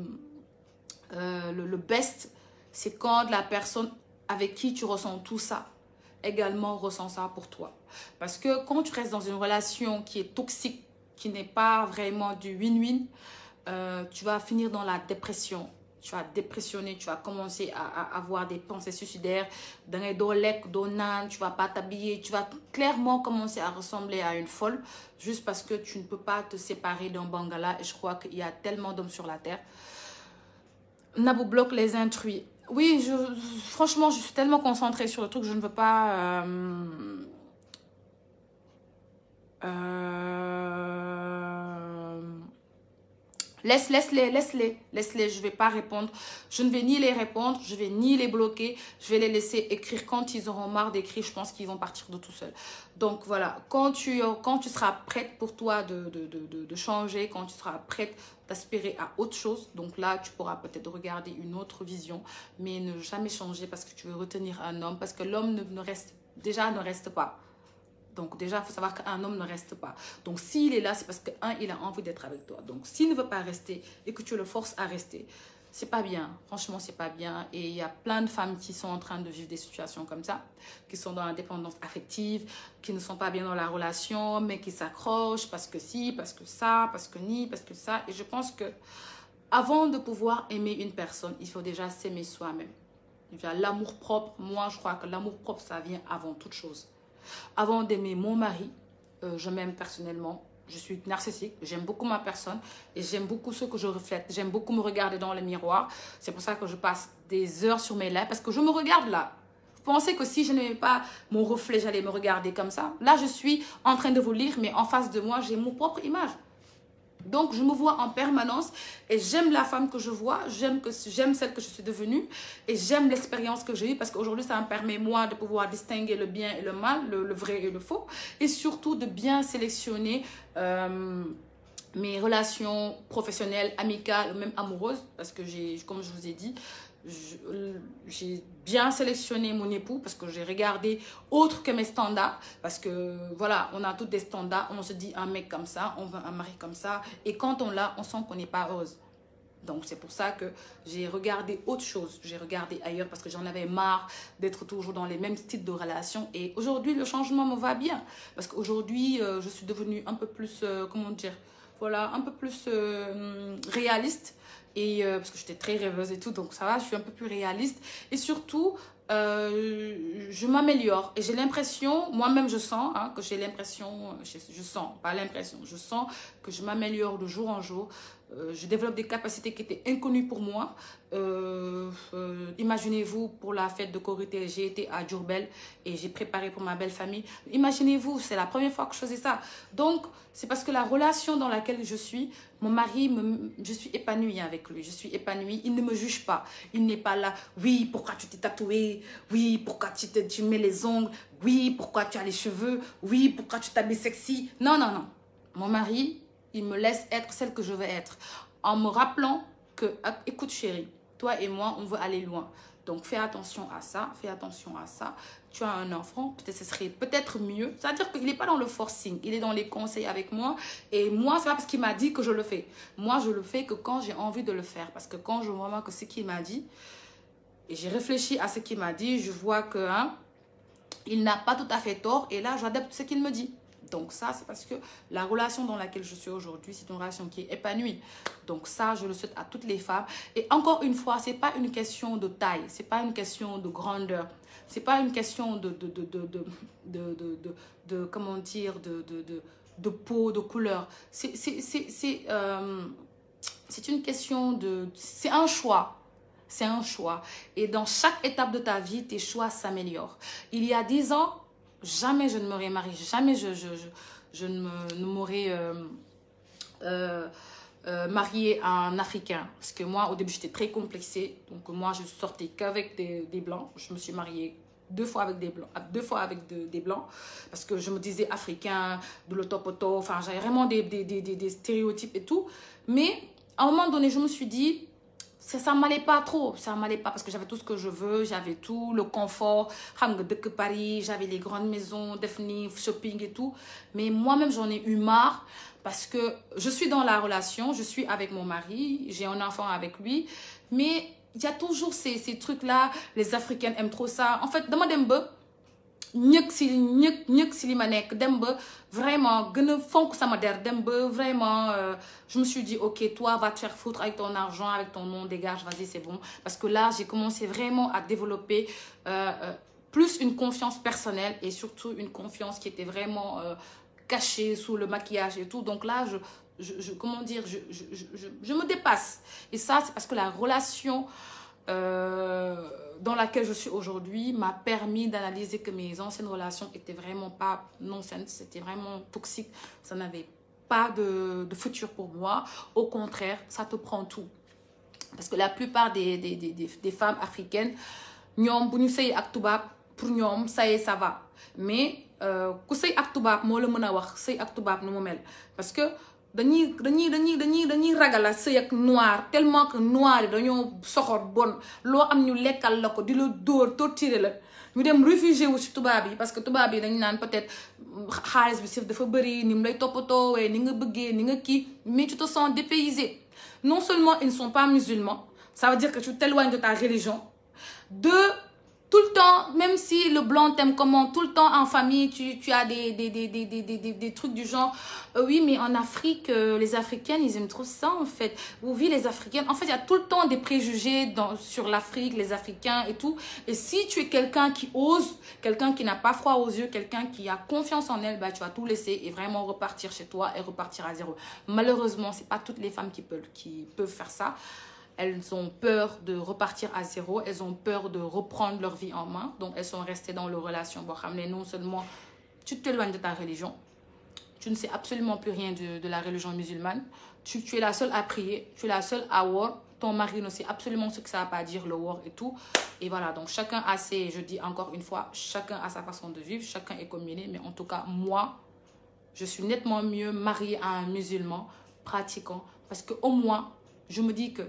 Speaker 1: euh, best c'est quand la personne avec qui tu ressens tout ça également ressent ça pour toi. Parce que quand tu restes dans une relation qui est toxique, qui n'est pas vraiment du win-win, euh, tu vas finir dans la dépression. Tu vas dépressionner, tu vas commencer à, avoir des pensées suicidaires, dans les dolek, donan, tu vas pas t'habiller, tu vas clairement commencer à ressembler à une folle juste parce que tu ne peux pas te séparer d'un bangala. Et je crois qu'il y a tellement d'hommes sur la terre. Nabou bloque les intrus oui, je, franchement, je suis tellement concentrée sur le truc, je ne veux pas... Euh, euh, Laisse, les laisse-les, laisse-les, je ne vais pas répondre. Je ne vais ni les répondre, je ne vais ni les bloquer. Je vais les laisser écrire quand ils auront marre d'écrire. Je pense qu'ils vont partir de tout seuls. Donc voilà, quand tu, quand tu seras prête pour toi de, changer, quand tu seras prête d'aspirer à autre chose, donc là, tu pourras peut-être regarder une autre vision, mais ne jamais changer parce que tu veux retenir un homme, parce que l'homme ne reste, déjà ne reste pas. Donc déjà, il faut savoir qu'un homme ne reste pas. Donc s'il est là, c'est parce que, il a envie d'être avec toi. Donc s'il ne veut pas rester et que tu le forces à rester, c'est pas bien. Franchement, c'est pas bien. Et il y a plein de femmes qui sont en train de vivre des situations comme ça, qui sont dans la dépendance affective, qui ne sont pas bien dans la relation, mais qui s'accrochent parce que si, parce que ça, parce que ni, parce que ça. Et je pense que avant de pouvoir aimer une personne, il faut déjà s'aimer soi-même. Il y a L'amour propre, moi je crois que l'amour propre, ça vient avant toute chose. Avant d'aimer mon mari, euh, je m'aime personnellement. Je suis narcissique, j'aime beaucoup ma personne et j'aime beaucoup ce que je reflète. J'aime beaucoup me regarder dans le miroir. C'est pour ça que je passe des heures sur mes lèvres parce que je me regarde là. Vous pensez que si je n'aimais pas mon reflet, j'allais me regarder comme ça Là, je suis en train de vous lire, mais en face de moi, j'ai mon propre image. Donc, je me vois en permanence et j'aime la femme que je vois, j'aime celle que je suis devenue et j'aime l'expérience que j'ai eue parce qu'aujourd'hui, ça me permet, moi, de pouvoir distinguer le bien et le mal, le, vrai et le faux et surtout de bien sélectionner euh, mes relations professionnelles, amicales, même amoureuses parce que, comme je vous ai dit, euh, j'ai bien sélectionné mon époux parce que j'ai regardé autre que mes standards parce que voilà on a tous des standards on se dit un mec comme ça on veut un mari comme ça et quand on l'a on sent qu'on n'est pas heureuse donc c'est pour ça que j'ai regardé autre chose j'ai regardé ailleurs parce que j'en avais marre d'être toujours dans les mêmes types de relations et aujourd'hui le changement me va bien parce qu'aujourd'hui euh, je suis devenue un peu plus euh, comment dire voilà un peu plus réaliste et euh, parce que j'étais très rêveuse et tout, donc ça va, je suis un peu plus réaliste. Et surtout, euh, je m'améliore et j'ai l'impression, moi-même je sens hein, que j'ai l'impression, je, sens, pas l'impression, je sens que je m'améliore de jour en jour. Euh, je développe des capacités qui étaient inconnues pour moi. Euh, euh, imaginez-vous, pour la fête de Corité, j'ai été à Djurbel et j'ai préparé pour ma belle famille. Imaginez-vous, c'est la première fois que je faisais ça. Donc, c'est parce que la relation dans laquelle je suis, mon mari, je suis épanouie avec lui. Je suis épanouie. Il ne me juge pas. Il n'est pas là. Oui, pourquoi tu t'es tatouée Oui, pourquoi tu, te, tu mets les ongles Oui, pourquoi tu as les cheveux Oui, pourquoi tu t'habilles sexy Non, non, non. Mon mari, il me laisse être celle que je veux être. En me rappelant que, écoute chérie, toi et moi, on veut aller loin. Donc, fais attention à ça, fais attention à ça. Tu as un enfant, peut-être ce serait peut-être mieux. C'est-à-dire qu'il n'est pas dans le forcing, il est dans les conseils avec moi. Et moi, c'est pas parce qu'il m'a dit que je le fais. Moi, je le fais que quand j'ai envie de le faire. Parce que quand je vois que ce qu'il m'a dit, et j'ai réfléchi à ce qu'il m'a dit, je vois que hein, il n'a pas tout à fait tort. Et là, j'adapte ce qu'il me dit. Donc ça, c'est parce que la relation dans laquelle je suis aujourd'hui, c'est une relation qui est épanouie. Donc ça, je le souhaite à toutes les femmes. Et encore une fois, ce n'est pas une question de taille, ce n'est pas une question de grandeur, ce n'est pas une question de, de, de, de comment dire, de, peau, de couleur. C'est euh, une question de... C'est un choix. C'est un choix. Et dans chaque étape de ta vie, tes choix s'améliorent. Il y a 10 ans, jamais je ne me marié jamais je, je, ne m'aurais euh, euh, euh, mariée à un Africain. Parce que moi, au début, j'étais très complexée. Donc moi, je sortais qu'avec des, Blancs. Je me suis mariée deux fois avec des Blancs, deux fois avec des Blancs. Parce que je me disais Africain, de l'autopoto. Enfin, j'avais vraiment des, des, des, stéréotypes et tout. Mais à un moment donné, je me suis dit ça ne m'allait pas trop ça m'allait pas parce que j'avais tout ce que je veux j'avais tout le confort Paris j'avais les grandes maisons des shopping et tout mais moi-même j'en ai eu marre parce que je suis dans la relation je suis avec mon mari j'ai un enfant avec lui mais il y a toujours ces trucs là les africaines aiment trop ça en fait demande un bug vraiment vraiment euh, je me suis dit ok toi va te faire foutre avec ton argent avec ton nom dégage vas-y c'est bon parce que là j'ai commencé vraiment à développer euh, euh, plus une confiance personnelle et surtout une confiance qui était vraiment cachée sous le maquillage et tout donc là je je, comment dire je, je, je, je me dépasse et ça c'est parce que la relation euh, dans laquelle je suis aujourd'hui m'a permis d'analyser que mes anciennes relations étaient vraiment pas non-saines, c'était vraiment toxique, ça n'avait pas de, futur pour moi. Au contraire, ça te prend tout. Parce que la plupart des, des, des, des femmes africaines, ñoom bu ñu pour ça y est ça va mais euh, ku parce que dañuy ragal ak noir tellement que noir soxor bon am ñu lekkal la di lo torturer la ñu réfugié wu ci parce que tuba bi peut-être dafa ni ni ni mais tu te sens non seulement ils ne sont pas musulmans ça veut dire que tu t'éloignes de ta religion deux tout le temps, même si le blanc t'aime comment, tout le temps en famille, tu, as des, des, trucs du genre, euh, oui, mais en Afrique, euh, les Africaines, ils aiment trop ça, en fait. Vous Oui, les Africaines, en fait, il y a tout le temps des préjugés dans, sur l'Afrique, les Africains et tout. Et si tu es quelqu'un qui ose, quelqu'un qui n'a pas froid aux yeux, quelqu'un qui a confiance en elle, bah, tu vas tout laisser et vraiment repartir chez toi et repartir à zéro. Malheureusement, ce n'est pas toutes les femmes qui peuvent, qui peuvent faire ça. Elles ont peur de repartir à zéro. Elles ont peur de reprendre leur vie en main. Donc, elles sont restées dans leur relation. Non seulement tu t'éloignes de ta religion, tu ne sais absolument plus rien de, la religion musulmane. Tu, es la seule à prier, tu es la seule à war. Ton mari ne sait absolument ce que ça va à dire, le war et tout. Et voilà, donc chacun a ses, je dis encore une fois, chacun a sa façon de vivre, chacun est combiné. Mais en tout cas, moi, je suis nettement mieux mariée à un musulman pratiquant. Parce que au moins, je me dis que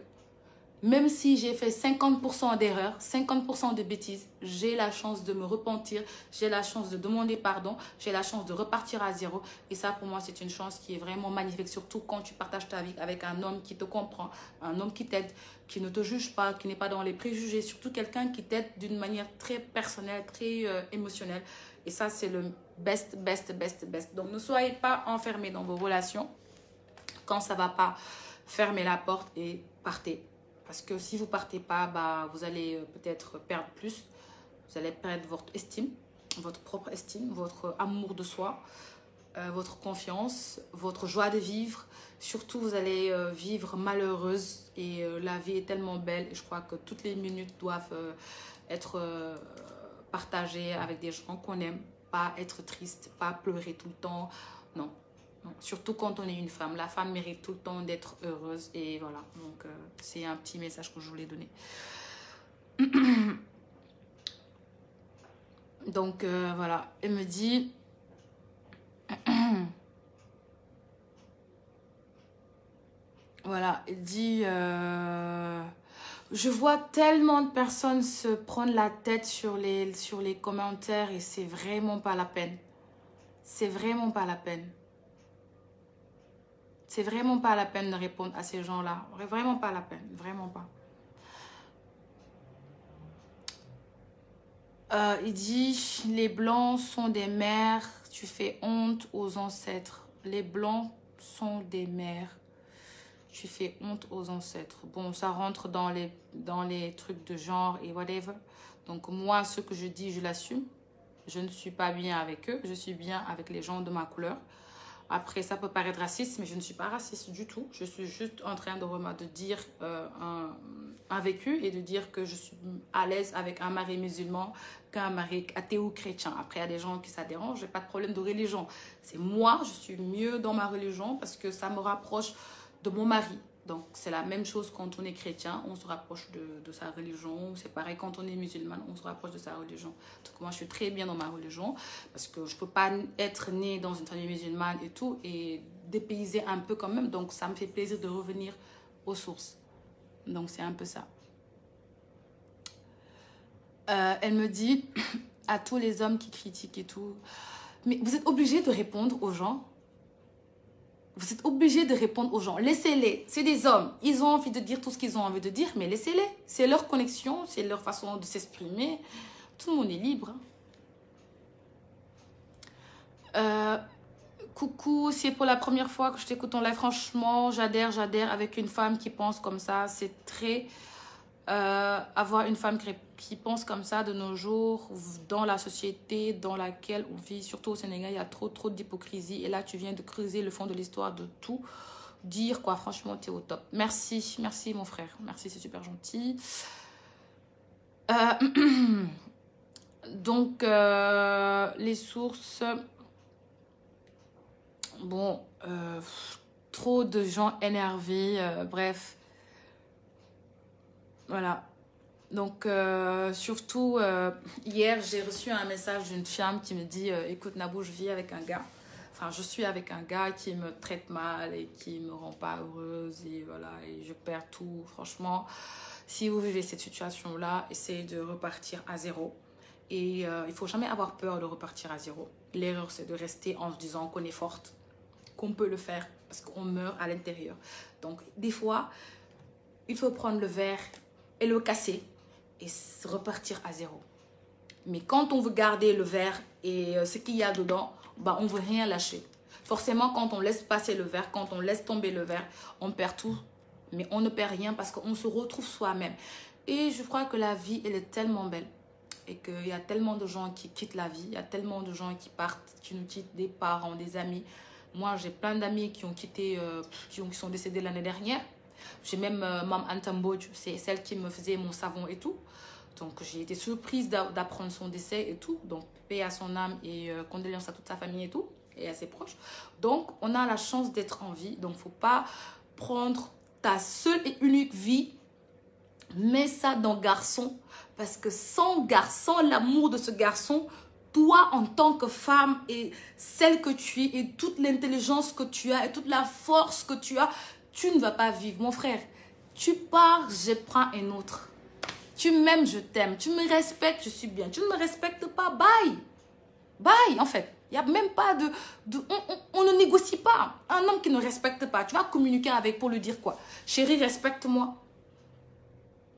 Speaker 1: même si j'ai fait 50% d'erreurs, 50% de bêtises, j'ai la chance de me repentir, j'ai la chance de demander pardon, j'ai la chance de repartir à zéro. Et ça, pour moi, c'est une chance qui est vraiment magnifique, surtout quand tu partages ta vie avec un homme qui te comprend, un homme qui t'aide, qui ne te juge pas, qui n'est pas dans les préjugés, surtout quelqu'un qui t'aide d'une manière très personnelle, très euh, émotionnelle. Et ça, c'est le best, best, best, best. Donc, ne soyez pas enfermés dans vos relations. Quand ça ne va pas, fermer la porte et partez parce que si vous partez pas, bah, vous allez euh, peut-être perdre plus. Vous allez perdre votre estime, votre propre estime, votre amour de soi, euh, votre confiance, votre joie de vivre. Surtout, vous allez euh, vivre malheureuse et la vie est tellement belle. Et je crois que toutes les minutes doivent être partagées avec des gens qu'on aime. Pas être triste, pas pleurer tout le temps. Non, surtout quand on est une femme. La femme mérite tout le temps d'être heureuse. Et voilà, donc euh, c'est un petit message que je voulais donner. (clears throat) donc euh, voilà, elle me dit... (clears throat) voilà, elle dit... Euh, je vois tellement de personnes se prendre la tête sur les, sur les commentaires et c'est vraiment pas la peine. C'est vraiment pas la peine. C'est vraiment pas la peine de répondre à ces gens-là. Vraiment pas la peine. Vraiment pas. Euh, il dit, les blancs sont des mères, tu fais honte aux ancêtres. Les blancs sont des mères, tu fais honte aux ancêtres. Bon, ça rentre dans les, dans les trucs de genre et whatever. Donc moi, ce que je dis, je l'assume. Je ne suis pas bien avec eux, je suis bien avec les gens de ma couleur. Après, ça peut paraître raciste, mais je ne suis pas raciste du tout. Je suis juste en train de, de dire euh, un, vécu et de dire que je suis à l'aise avec un mari musulman qu'un mari athée ou chrétien. Après, il y a des gens qui ça je n'ai pas de problème de religion. C'est moi, je suis mieux dans ma religion parce que ça me rapproche de mon mari, donc c'est la même chose quand on est chrétien, on se rapproche de, sa religion. C'est pareil quand on est musulman, on se rapproche de sa religion. Donc moi je suis très bien dans ma religion parce que je peux pas être née dans une famille musulmane et tout et dépayser un peu quand même. Donc ça me fait plaisir de revenir aux sources. Donc c'est un peu ça. Euh, elle me dit (coughs) à tous les hommes qui critiquent et tout, mais vous êtes obligé de répondre aux gens vous êtes obligé de répondre aux gens. Laissez-les. C'est des hommes. Ils ont envie de dire tout ce qu'ils ont envie de dire, mais laissez-les. C'est leur connexion, c'est leur façon de s'exprimer. Tout le monde est libre. Hein. Euh, coucou, c'est pour la première fois que je t'écoute en live. Franchement, j'adhère, j'adhère avec une femme qui pense comme ça. C'est très... Euh, avoir une femme qui pense comme ça de nos jours, dans la société dans laquelle on vit, surtout au Sénégal, il y a trop, trop d'hypocrisie. Et là, tu viens de creuser le fond de l'histoire de tout. Dire quoi, franchement, tu es au top. Merci, merci mon frère. Merci, c'est super gentil. Euh, (clears throat) donc, euh, les sources... Bon, trop de gens énervés, bref voilà. Donc, euh, surtout, euh, hier, j'ai reçu un message d'une femme qui me dit euh, Écoute, Nabou, je vis avec un gars. Enfin, je suis avec un gars qui me traite mal et qui me rend pas heureuse. Et voilà, et je perds tout. Franchement, si vous vivez cette situation-là, essayez de repartir à zéro. Et il faut jamais avoir peur de repartir à zéro. L'erreur, c'est de rester en se disant qu'on est forte, qu'on peut le faire, parce qu'on meurt à l'intérieur. Donc, des fois, il faut prendre le verre et le casser et repartir à zéro. Mais quand on veut garder le verre et euh, ce qu'il y a dedans, bah, on ne veut rien lâcher. Forcément, quand on laisse passer le verre, quand on laisse tomber le verre, on perd tout. Mais on ne perd rien parce qu'on se retrouve soi-même. Et je crois que la vie, elle est tellement belle. Et qu'il y a tellement de gens qui quittent la vie. Il y a tellement de gens qui partent, qui nous quittent, des parents, des amis. Moi, j'ai plein d'amis qui ont quitté, euh, qui, ont, qui sont décédés l'année dernière. J'ai même euh, Mam c'est celle qui me faisait mon savon et tout. Donc j'ai été surprise d'apprendre son décès et tout. Donc paix à son âme et euh, condoléances à toute sa famille et tout, et à ses proches. Donc on a la chance d'être en vie. Donc faut pas prendre ta seule et unique vie. mais ça dans garçon. Parce que sans garçon, l'amour de ce garçon, toi en tant que femme et celle que tu es et toute l'intelligence que tu as et toute la force que tu as, tu ne vas pas vivre. Mon frère, tu pars, je prends un autre. Tu m'aimes, je t'aime. Tu me respectes, je suis bien. Tu ne me respectes pas, bye. Bye, en fait. Il n'y a même pas de... on, ne négocie pas. Un homme qui ne respecte pas, tu vas communiquer avec pour lui dire quoi Chérie, respecte-moi.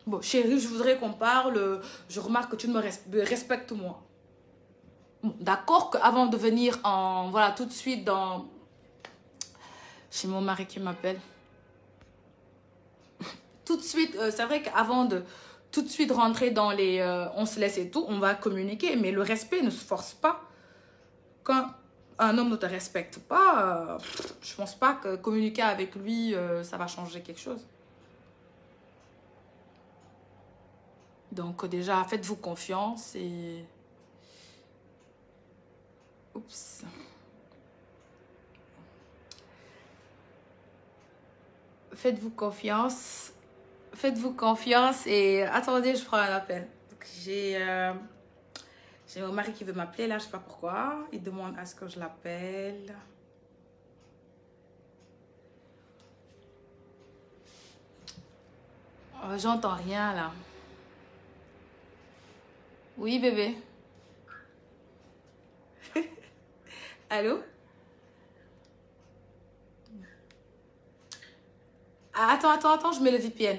Speaker 1: Bon, chérie, je voudrais qu'on parle. Je remarque que tu ne me euh, respectes, pas. moi. D'accord qu'avant de venir en... Voilà, tout de suite dans... Chez mon mari qui m'appelle tout de suite, euh, c'est vrai qu'avant de tout de suite rentrer dans les euh, on se laisse et tout, on va communiquer. Mais le respect ne se force pas. Quand un homme ne te respecte pas, euh, je pense pas que communiquer avec lui, ça va changer quelque chose. Donc déjà, faites-vous confiance et... Oups. Faites-vous confiance faites-vous confiance et attendez, je prends un appel. J'ai mon euh, mari qui veut m'appeler, là, je sais pas pourquoi. Il demande à ce que je l'appelle. Oh, j'entends rien, là. Oui, bébé. (laughs) Allô ah, Attends, attends, attends, je mets le VPN.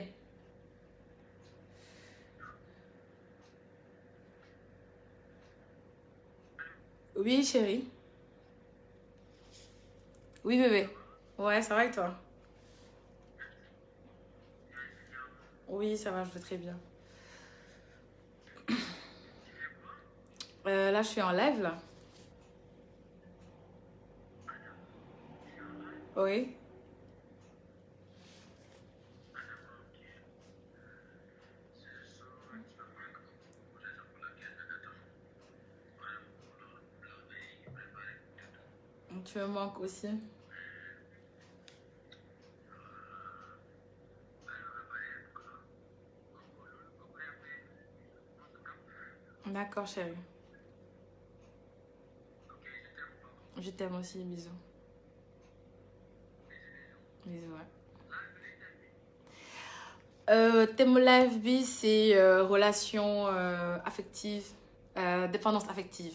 Speaker 1: Oui, chérie. Oui, bébé. Ouais, ça va et toi Oui, ça va, je vais très bien. (coughs) Euh, là, je suis en live, Oui. me aussi. D'accord, chérie. Je t'aime aussi, bisous. Bisous, euh, thème live bis c'est euh, relation euh, affective, dépendance affective.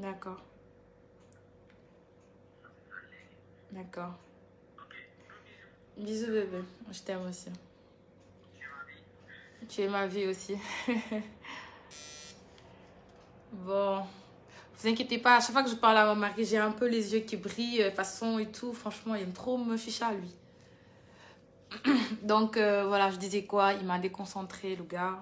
Speaker 1: D'accord. D'accord. Bisous bébé, je t'aime aussi. Tu es ma vie aussi. (laughs) bon, vous inquiétez pas, à chaque fois que je parle à mon mari, j'ai un peu les yeux qui brillent, euh, façon et tout. Franchement, il aime trop me fiche à lui. (clears throat) Donc euh, voilà, je disais quoi Il m'a déconcentré, le gars.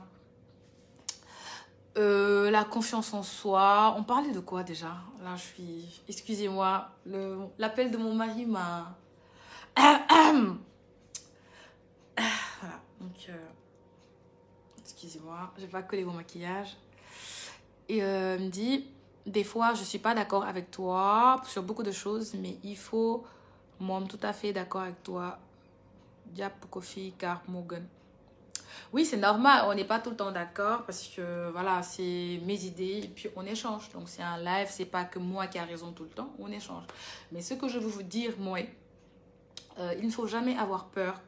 Speaker 1: Euh, la confiance en soi. On parlait de quoi déjà Là, je suis. Excusez-moi, le... l'appel de mon mari m'a. (coughs) voilà, donc. Euh, excusez-moi, je n'ai pas collé mon maquillage. Et euh, me dit Des fois, je suis pas d'accord avec toi sur beaucoup de choses, mais il faut. Moi, tout à fait d'accord avec toi. Diap Kofi Car Morgan. Oui, c'est normal, on n'est pas tout le temps d'accord parce que voilà, c'est mes idées et puis on échange. Donc c'est un live, c'est pas que moi qui a raison tout le temps, on échange. Mais ce que je veux vous dire, moi, euh, il ne faut jamais avoir peur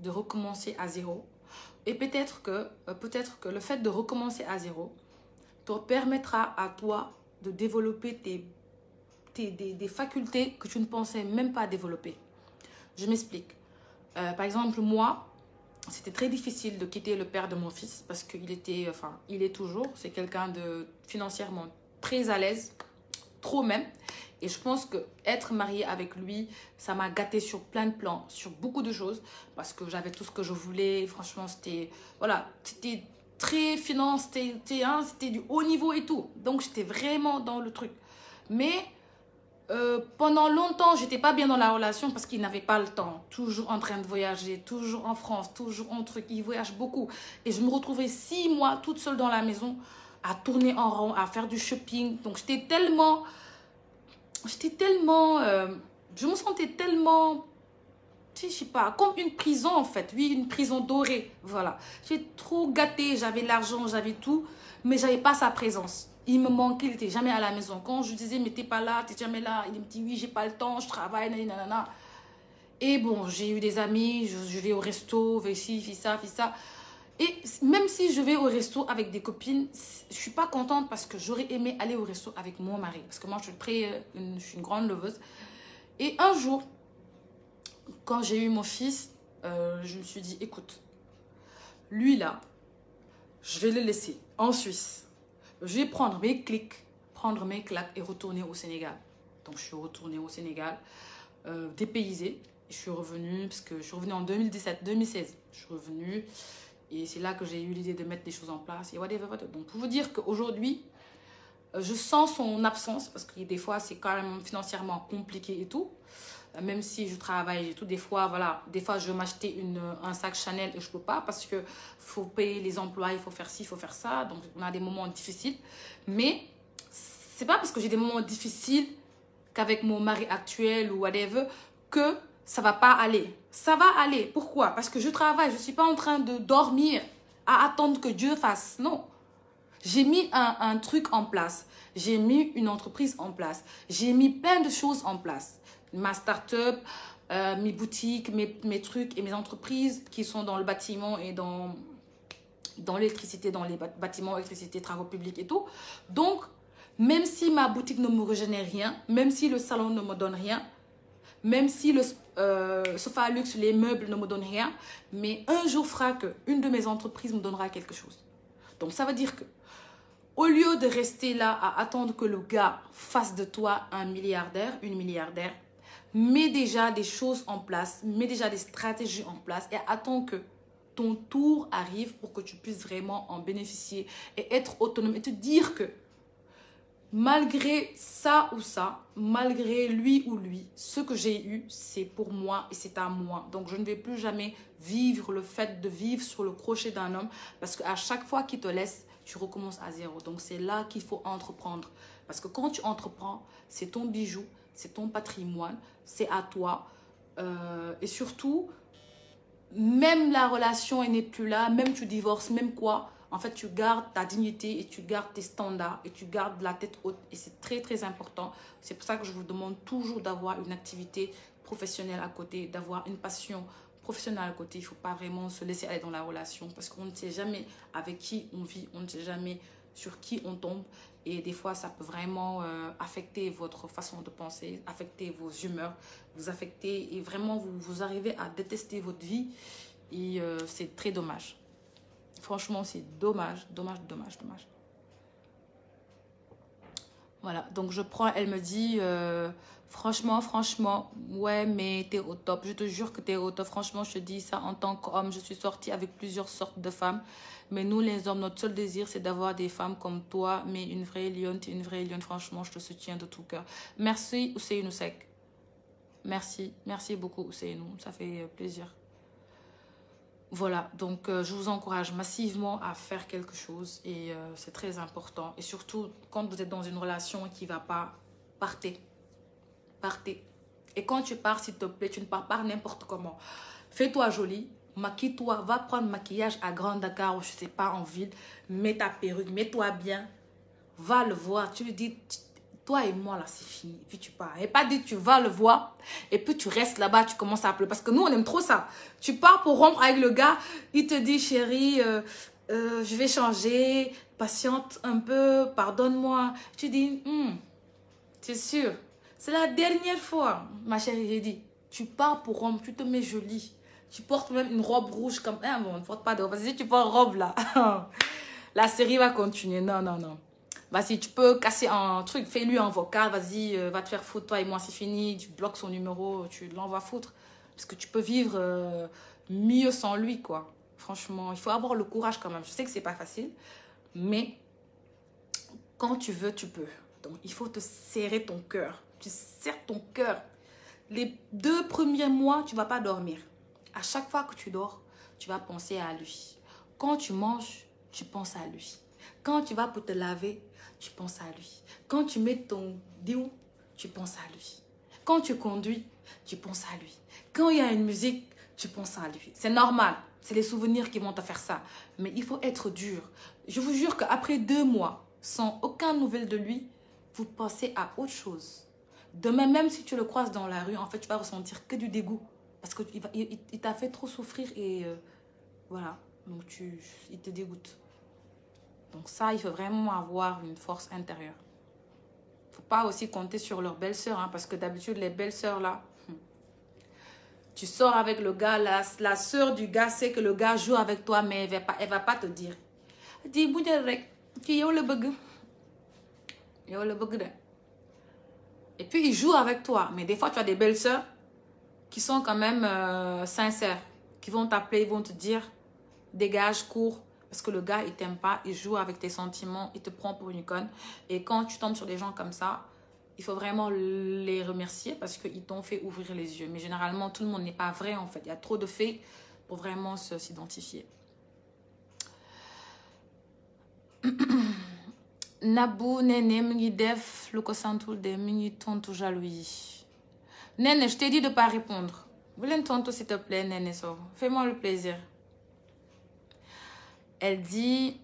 Speaker 1: de recommencer à zéro. Et peut-être que, euh, peut-être que le fait de recommencer à zéro te permettra à toi de développer des, facultés que tu ne pensais même pas développer. Je m'explique. Euh, par exemple, moi, c'était très difficile de quitter le père de mon fils parce qu'il était, enfin, il est toujours, c'est quelqu'un de financièrement très à l'aise, trop même. Et je pense que être mariée avec lui, ça m'a gâté sur plein de plans, sur beaucoup de choses, parce que j'avais tout ce que je voulais. Franchement, c'était, voilà, c'était très finance, hein, c'était du haut niveau et tout. Donc, j'étais vraiment dans le truc. Mais euh, pendant longtemps, j'étais pas bien dans la relation parce qu'il n'avait pas le temps. Toujours en train de voyager, toujours en France, toujours en truc. Il voyage beaucoup. Et je me retrouvais six mois toute seule dans la maison à tourner en rond, à faire du shopping. Donc j'étais tellement... J'étais tellement... Euh, je me sentais tellement... Je sais pas, comme une prison en fait. Oui, une prison dorée. Voilà. J'ai trop gâté, j'avais l'argent, j'avais tout. Mais j'avais pas sa présence. Il me manquait, il n'était jamais à la maison. Quand je disais, mais t'es pas là, t'es jamais là, il me dit, oui, j'ai pas le temps, je travaille, nanana. Et bon, j'ai eu des amis, je, vais au resto, fais ci, fais ça, fais ça. Et même si je vais au resto avec des copines, je suis pas contente parce que j'aurais aimé aller au resto avec mon mari. Parce que moi, je suis, euh, une, grande leveuse. Et un jour, quand j'ai eu mon fils, euh, je me suis dit, écoute, lui là, je vais le laisser en Suisse. Je vais prendre mes clics, prendre mes claques et retourner au Sénégal. Donc, je suis retournée au Sénégal, euh, dépaysée. Je suis revenue, parce que je suis revenue en 2017, 2016. Je suis revenue et c'est là que j'ai eu l'idée de mettre des choses en place. Et voilà Donc, pour vous dire qu'aujourd'hui, euh, je sens son absence, parce que des fois, c'est quand même financièrement compliqué et tout. Euh, même si je travaille et tout, des fois, voilà, des fois, je veux m'acheter un sac Chanel et je peux pas parce que faut payer les emplois, il faut faire ci, il faut faire ça. Donc, on a des moments difficiles. Mais c'est pas parce que j'ai des moments difficiles qu'avec mon mari actuel ou whatever que ça va pas aller. Ça va aller. Pourquoi Parce que je travaille. Je ne suis pas en train de dormir à attendre que Dieu fasse. Non. J'ai mis un truc en place. J'ai mis une entreprise en place. J'ai mis plein de choses en place. Ma start-up, euh, mes boutiques, mes, mes, trucs et mes entreprises qui sont dans le bâtiment et dans, dans l'électricité, dans les bâtiments, électricité, travaux publics et tout. Donc, même si ma boutique ne me régénère rien, même si le salon ne me donne rien, même si le euh, sofa à luxe, les meubles ne me donnent rien, mais un jour fera que une de mes entreprises me donnera quelque chose. Donc ça veut dire que au lieu de rester là à attendre que le gars fasse de toi un milliardaire, une milliardaire, mets déjà des choses en place, mets déjà des stratégies en place et attends que ton tour arrive pour que tu puisses vraiment en bénéficier et être autonome et te dire que malgré ça ou ça, malgré lui ou lui, ce que j'ai eu, c'est pour moi et c'est à moi. Donc je ne vais plus jamais vivre le fait de vivre sur le crochet d'un homme parce qu'à chaque fois qu'il te laisse, tu recommences à zéro. Donc c'est là qu'il faut entreprendre. Parce que quand tu entreprends, c'est ton bijou, c'est ton patrimoine, c'est à toi. Euh, et surtout, même la relation n'est plus là, même tu divorces, même quoi, en fait, tu gardes ta dignité et tu gardes tes standards et tu gardes la tête haute. Et c'est très, très important. C'est pour ça que je vous demande toujours d'avoir une activité professionnelle à côté, d'avoir une passion professionnel côté, il faut pas vraiment se laisser aller dans la relation parce qu'on ne sait jamais avec qui on vit, on ne sait jamais sur qui on tombe. Et des fois, ça peut vraiment euh, affecter votre façon de penser, affecter vos humeurs, vous affecter et vraiment vous, vous arrivez à détester votre vie. Et euh, c'est très dommage. Franchement, c'est dommage, dommage, dommage, dommage. Voilà, donc je prends, elle me dit... Euh, Franchement, franchement, ouais, mais t'es au top. Je te jure que t'es au top. Franchement, je te dis ça en tant qu'homme. Je suis sortie avec plusieurs sortes de femmes. Mais nous, les hommes, notre seul désir, c'est d'avoir des femmes comme toi. Mais une vraie lionne, une vraie lionne. Franchement, je te soutiens de tout cœur. Merci, une sec Merci. Merci beaucoup, nous Ça fait plaisir. Voilà, donc euh, je vous encourage massivement à faire quelque chose et euh, c'est très important. Et surtout, quand vous êtes dans une relation qui ne va pas, partez. Et quand tu pars, s'il te plaît, tu ne pars pas n'importe comment. Fais-toi jolie, maquille-toi, va prendre maquillage à Grand Dakar ou je sais pas, en ville. Mets ta perruque, mets-toi bien. Va le voir, tu lui dis, toi et moi là, c'est fini. puis tu pars. Et pas dit, tu vas le voir. Et puis tu restes là-bas, tu commences à pleurer. Parce que nous, on aime trop ça. Tu pars pour rompre avec le gars, il te dit, chérie, euh, euh, je vais changer, patiente un peu, pardonne-moi. Tu dis, hmm, c'est sûr c'est la dernière fois, ma chérie, j'ai dit, tu pars pour Rome, tu te mets jolie. Tu portes même une robe rouge comme... Eh, bon, ne porte pas de robe. tu portes robe, là, (laughs) la série va continuer. Non, non, non. Vas-y, tu peux casser un truc, fais-lui un vocal, vas-y, euh, va te faire foutre, toi et moi, c'est fini. Tu bloques son numéro, tu l'envoies foutre. Parce que tu peux vivre euh, mieux sans lui, quoi. Franchement, il faut avoir le courage quand même. Je sais que c'est pas facile, mais quand tu veux, tu peux. Donc, il faut te serrer ton cœur tu serres ton cœur. Les deux premiers mois, tu ne vas pas dormir. À chaque fois que tu dors, tu vas penser à lui. Quand tu manges, tu penses à lui. Quand tu vas pour te laver, tu penses à lui. Quand tu mets ton déo, tu penses à lui. Quand tu conduis, tu penses à lui. Quand il y a une musique, tu penses à lui. C'est normal. C'est les souvenirs qui vont te faire ça. Mais il faut être dur. Je vous jure qu'après deux mois, sans aucune nouvelle de lui, vous pensez à autre chose. Demain, même si tu le croises dans la rue, en fait, tu vas ressentir que du dégoût. Parce qu'il il, t'a fait trop souffrir et euh, voilà. Donc, tu, il te dégoûte. Donc ça, il faut vraiment avoir une force intérieure. Il ne faut pas aussi compter sur leur belle-sœur, hein, parce que d'habitude, les belles-sœurs, là, hmm. tu sors avec le gars, la, sœur du gars sait que le gars joue avec toi, mais elle ne va, pas, elle va pas te dire. Dis, le et puis, ils jouent avec toi. Mais des fois, tu as des belles sœurs qui sont quand même euh, sincères, qui vont t'appeler, ils vont te dire dégage, cours, parce que le gars, il t'aime pas, il joue avec tes sentiments, il te prend pour une conne. Et quand tu tombes sur des gens comme ça, il faut vraiment les remercier parce qu'ils t'ont fait ouvrir les yeux. Mais généralement, tout le monde n'est pas vrai en fait. Il y a trop de faits pour vraiment s'identifier. (clears throat) Nabou Nene me ngi def lu de je t'ai dit de pas répondre Voulez s'il te plaît Nene Sow fais-moi le plaisir elle dit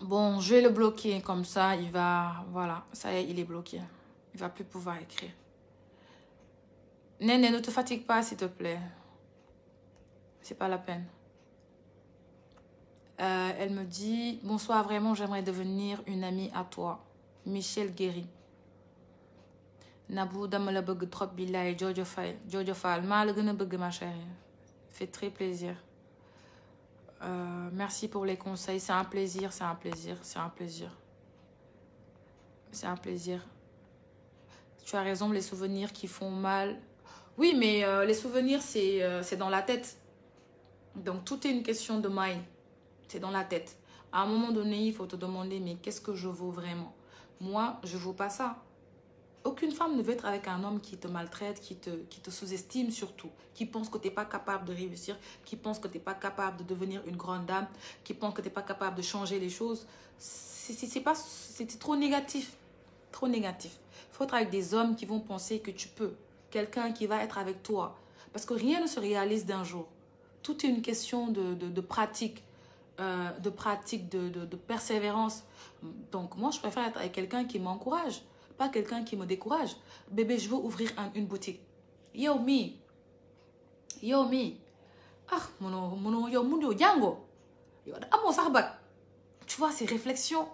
Speaker 1: bon je vais le bloquer comme ça il va voilà ça y est il est bloqué il va plus pouvoir écrire Nene ne te fatigue pas s'il te plaît c'est pas la peine euh, elle me dit « Bonsoir, vraiment, j'aimerais devenir une amie à toi. Michel Guéry. Nabou, dama la trop Jojo Fall. Jojo Fall, ma chérie. Fait très plaisir. Euh, merci pour les conseils. C'est un plaisir, c'est un plaisir, c'est un plaisir. C'est un plaisir. Tu as raison, les souvenirs qui font mal. Oui, mais euh, les souvenirs, c'est dans la tête. Donc, tout est une question de mind. C'est dans la tête. À un moment donné, il faut te demander, mais qu'est-ce que je vaux vraiment Moi, je ne vaux pas ça. Aucune femme ne veut être avec un homme qui te maltraite, qui te, qui te sous-estime surtout, qui pense que tu n'es pas capable de réussir, qui pense que tu n'es pas capable de devenir une grande dame, qui pense que tu n'es pas capable de changer les choses. C'est trop négatif. Trop négatif. Il faut être avec des hommes qui vont penser que tu peux. Quelqu'un qui va être avec toi. Parce que rien ne se réalise d'un jour. Tout est une question de, de pratique. Euh, de pratique, de, de, persévérance. Donc moi, je préfère être avec quelqu'un qui m'encourage, pas quelqu'un qui me décourage. Bébé, je veux ouvrir une boutique. Yo, me. Yo, me. Ah, mon, mon, yo, mon, yo, yango. Tu vois, ces réflexions.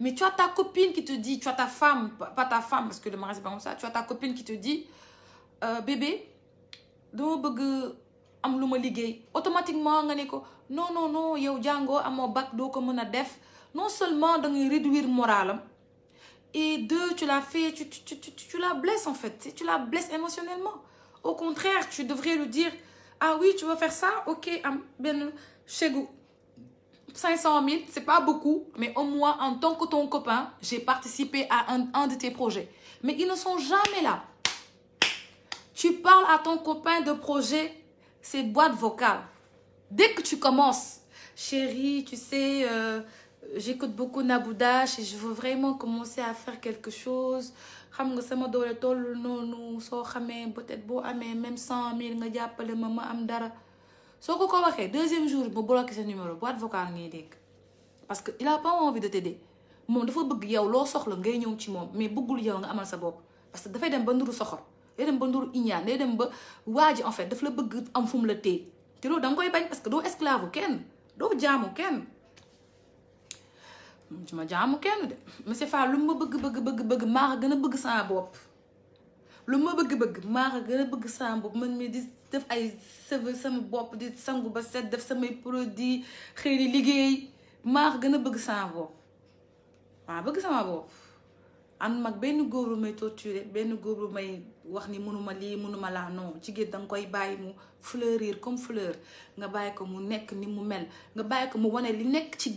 Speaker 1: Mais tu as ta copine qui te dit, tu as ta femme, pas ta femme, parce que le mariage, c'est pas comme ça. Tu as ta copine qui te dit, euh, bébé, do am automatiquement ko non non non yow jango amo bac def non seulement de ngay réduire moralam et deux tu la fais tu tu tu tu la blesses en fait tu la blesses émotionnellement au contraire tu devrais lui dire ah oui tu veux faire ça ok chez benn 500 000 c'est pas beaucoup mais au moins en tant que ton copain j'ai participé à un, un de tes projets mais ils ne sont jamais là tu parles à ton copain de projet c'est boîte vocale Dès que tu commences, chérie, tu sais, euh, j'écoute beaucoup Naboudash et je veux vraiment commencer à faire quelque chose. xam nga sama doole toll noonu soo xamee peut-être boo amee même cent mille nga jàppale ma ma am dara Soko ko ko deuxième jour mu bloqué sa numéro boîte vocale ngay dégg parce que il a pas envie de t'aider moom dafa bëgg yow loo soxla ngay ñëw ci moom mais bëggul yow nga amal sa bopp parce que dafay dem ba nduru soxor day dem ba nduru iñaan day dem ba waa ji en fait daf la bëgg am fu mu la téye te loolu danga koy bañ parce que doo esclave kenn doo jaamu kenn ma jaamu kenn de monsieur Fall lu ma bëgg bëgg bëgg maax maa gën a bëgg sama ma bëgg bëgg maa gën a bëgg sama bopp man mi di def ay sëb sama bopp di sangu ba set def samay produit xëy na liggéey maax gën a bëgg sama bopp waaw bëgg sama bopp. an mag benn góor may torturer benn góor may wax ni mënuma lii mënuma laa non jigéen koy fleurir comme fleur nga bàyyi ko mu nekk ni mu mel nga bàyyi ko mu wane li nekk ci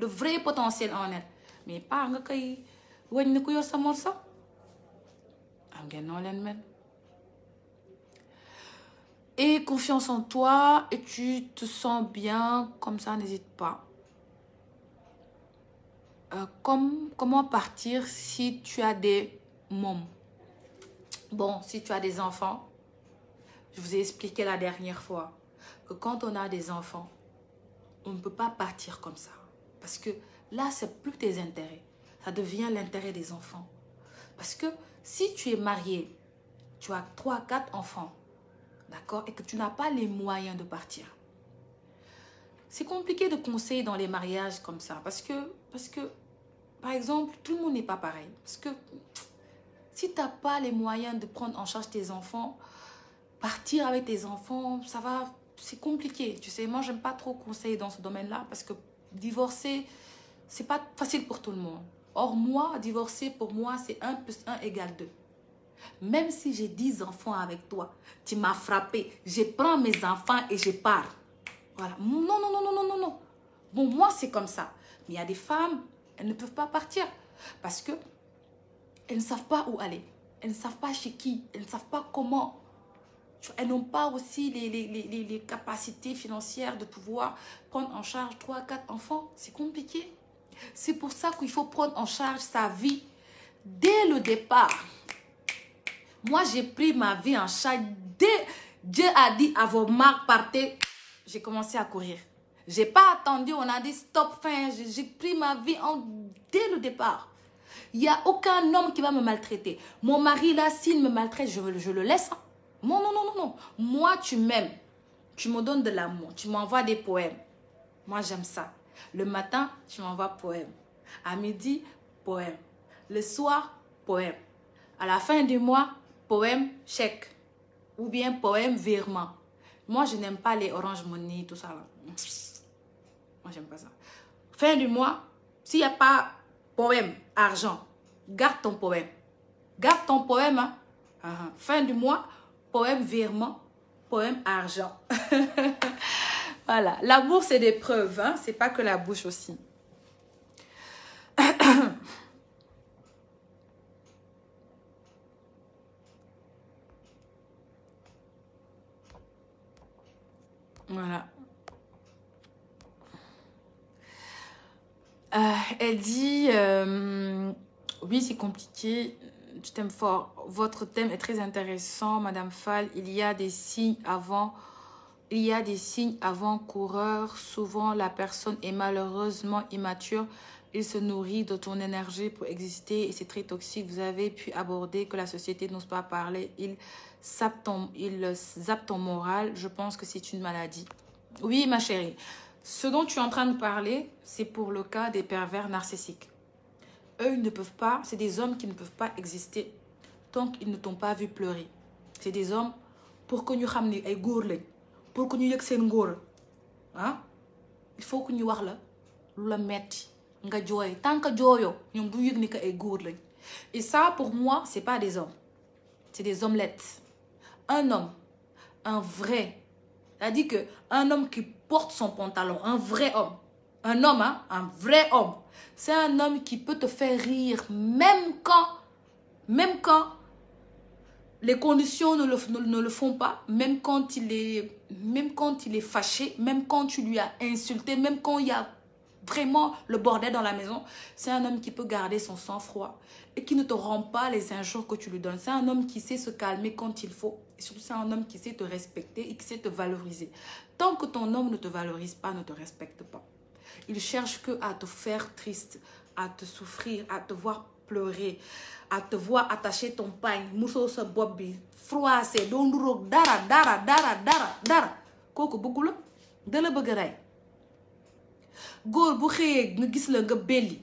Speaker 1: le vrai potentiel en elle mais pas nga koy wañ ni ku yor sa am ngeen noo mel et confiance en toi et tu te sens bien comme ça n'hésite pas euh, comment partir si tu as des mômes Bon, si tu as des enfants, je vous ai expliqué la dernière fois que quand on a des enfants, on ne peut pas partir comme ça. Parce que là, c'est plus tes intérêts. Ça devient l'intérêt des enfants. Parce que si tu es marié, tu as 3, 4 enfants, d'accord, et que tu n'as pas les moyens de partir. C'est compliqué de conseiller dans les mariages comme ça. Parce que, parce que par exemple, tout le monde n'est pas pareil. Parce que si tu n'as pas les moyens de prendre en charge tes enfants, partir avec tes enfants, ça va, c'est compliqué. Tu sais, moi, j'aime pas trop conseiller dans ce domaine-là parce que divorcer, c'est pas facile pour tout le monde. Or, moi, divorcer, pour moi, c'est 1 plus 1 égale 2. Même si j'ai 10 enfants avec toi, tu m'as frappé, je prends mes enfants et je pars. Voilà. Non, non, non, non, non, non, non. Bon, moi, c'est comme ça. Mais il y a des femmes, elles ne peuvent pas partir parce que elles ne savent pas où aller. Elles ne savent pas chez qui. Elles ne savent pas comment. Elles n'ont pas aussi les, les, les, capacités financières de pouvoir prendre en charge 3 quatre enfants. C'est compliqué. C'est pour ça qu'il faut prendre en charge sa vie dès le départ. Moi, j'ai pris ma vie en charge dès Dieu a dit à vos marques, partez. J'ai commencé à courir. J'ai pas attendu, on a dit stop, fin, j'ai pris ma vie en, dès le départ. Il n'y a aucun homme qui va me maltraiter. Mon mari, là, s'il me maltraite, je, je le laisse. Hein. Non, non, non, non, non. Moi, tu m'aimes. Tu me donnes de l'amour. Tu m'envoies des poèmes. Moi, j'aime ça. Le matin, tu m'envoies poèmes. À midi, poème. Le soir, poème. À la fin du mois, poème, chèque. Ou bien poème, virement. Moi, je n'aime pas les oranges money, tout ça. Là. Moi, j'aime pas ça. Fin du mois, s'il n'y a pas poème, argent, garde ton poème. Garde ton poème. Hein. Ah, fin du mois, poème virement, poème argent. (laughs) voilà. bourse, c'est des preuves. Hein? C'est pas que la bouche aussi. (coughs) voilà. Euh, elle dit euh, Oui, c'est compliqué. Euh, tu t'aimes fort. Votre thème est très intéressant, Madame Fall. Il y a des signes avant. Il y a des signes avant-coureurs. Souvent, la personne est malheureusement immature. Il se nourrit de ton énergie pour exister et c'est très toxique. Vous avez pu aborder que la société n'ose pas parler. Il zappe il zappe ton moral. Je pense que c'est une maladie. Oui, ma chérie. Ce dont tu es en train de parler, c'est pour le cas des pervers narcissiques. Eux, ils ne peuvent pas, c'est des hommes qui ne peuvent pas exister tant qu'ils ne t'ont pas vu pleurer. C'est des hommes pour que nous ramener ay pour que ñu c'est des Hein? il faut que nous wax la la metti tant que et ça pour moi c'est pas des hommes c'est des omelettes un homme un vrai c'est-à-dire que un homme qui porte son pantalon, un vrai homme. Un homme, hein, un vrai homme. C'est un homme qui peut te faire rire même quand, même quand les conditions ne le, ne, le font pas, même quand, il est, même quand il est fâché, même quand tu lui as insulté, même quand il y a vraiment le bordel dans la maison, c'est un homme qui peut garder son sang-froid et qui ne te rend pas les injures que tu lui donnes. C'est un homme qui sait se calmer quand il faut. Et surtout, c'est un homme qui sait te respecter et qui sait te valoriser. Tant que ton homme ne te valorise pas, ne te respecte pas, il cherche que à te faire triste, à te souffrir, à te voir pleurer, à te voir attacher ton pain, mousseau se bobby, froissé, don dara, dara, dara, dara, dara. Koko, beaucoup de le goor bu xëyee nga gis la nga belli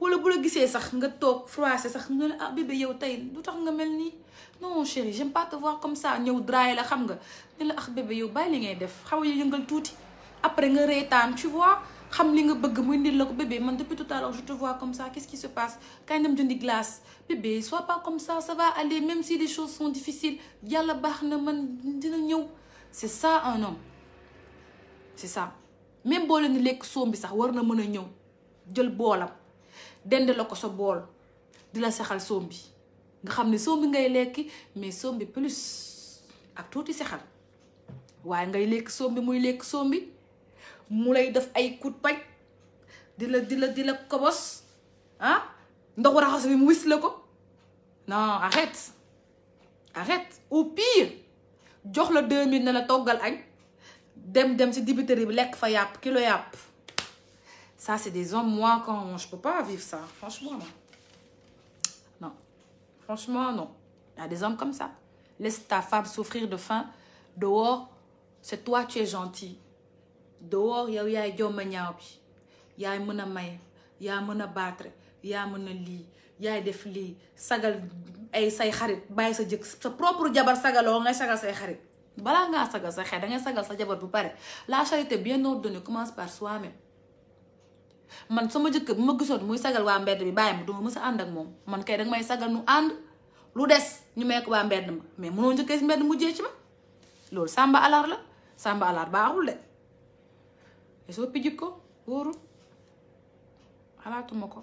Speaker 1: wala bu la gisee sax nga tok froissé sax nga ah bébé yow tay lu tax nga melni non chérie j'aime pas te voir comme ça ñeu draay la xam nga ni la ah bébé yow bay li ngay def xaw a yëngal tuuti après nga reetaan tu vois xam li nga bëgg muy ndil la ko bébé man depuis tout à l'heure je te vois comme ça qu'est-ce qui se passe kañ dem jëndi glace bébé sois pas comme ça ça va aller même si les choses sont difficiles yalla baax na man dina ñeu c'est ça un homme c'est ça même boole ni lekk soom bi sax war na mën a ñëw jël boolam dend la ko sa bool di la saxal soom bi nga xam ne soom bi ngay lekki mais soom bi plus ak tuuti saxal waaye ngay lekk soom bi muy lekk soom bi mu lay def ay coup de di la di la di la kobos ah ndoxu raxas bi mu wis la ko non arrête arrête au pire jox la deux mille ne la toggal añ dem dem si fa kilo yap ça c'est des hommes moi quand je peux pas vivre ça franchement non franchement non il y a des hommes comme ça laisse ta femme souffrir de faim dehors c'est toi tu es gentil dehors il y a il y a may il y a battre il y a y def filles sagal ay say xarit bay sa sa propre jabar ngay sagal say xarit balanga ngaa sagal sa gasa da ngay sagal gasa jabar bu pare la charité bien ordonnée commence par soi-même man sama jëkkër bu ma gisoon muy sagal waa mbedd bi bàyyi du ma mës a ak moom man kay danga may sagal nu and lu des ñu may ko waa mbedd ma mais mënoo njëkkee si mbedd mujjee ci ma loolu sàmba alar la sàmba alaar baaxul de te soo pijik ko wóorul ko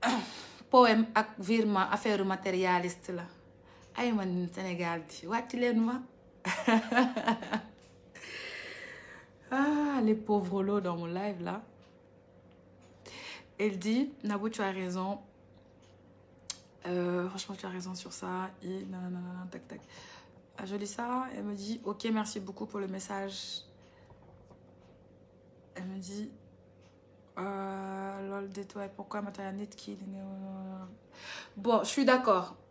Speaker 1: (clears throat) poème ak virement affaire matérialiste la ay man Sénégal what ma (laughs) ah les pauvres lots dans mon live là elle dit nabo tu as raison euh, franchement tu as raison sur ça et ah, je lis ça elle me dit ok merci beaucoup pour le message elle me dit euh, lol de toi pourquoi maternité qui bon je suis d'accord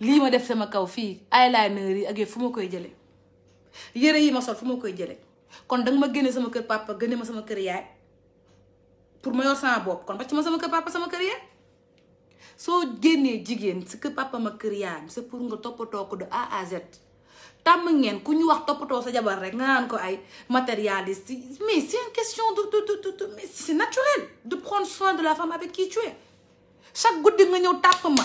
Speaker 1: li ma def sama kaw fi eyeliner yi ak yooyu fu koy jëlee yére yi ma sol fuma koy jëlee kon dang ma génne sama kër papa génne ma sama kër yaay pour ma yor sama bopp kon ba ci ma sama kër papa sama kër yaay so génnee jigéen ce kër papa ma kër yaay c'est pour nga topoto ko de A à Z tam ngeen ku ñu wax topoto sa jabar rek nga naan ko ay matérialiste mais c'est une question de de de mais c'est naturel de prendre soin de la femme avec qui tu es chaque goutte de nga ñeu tap ma.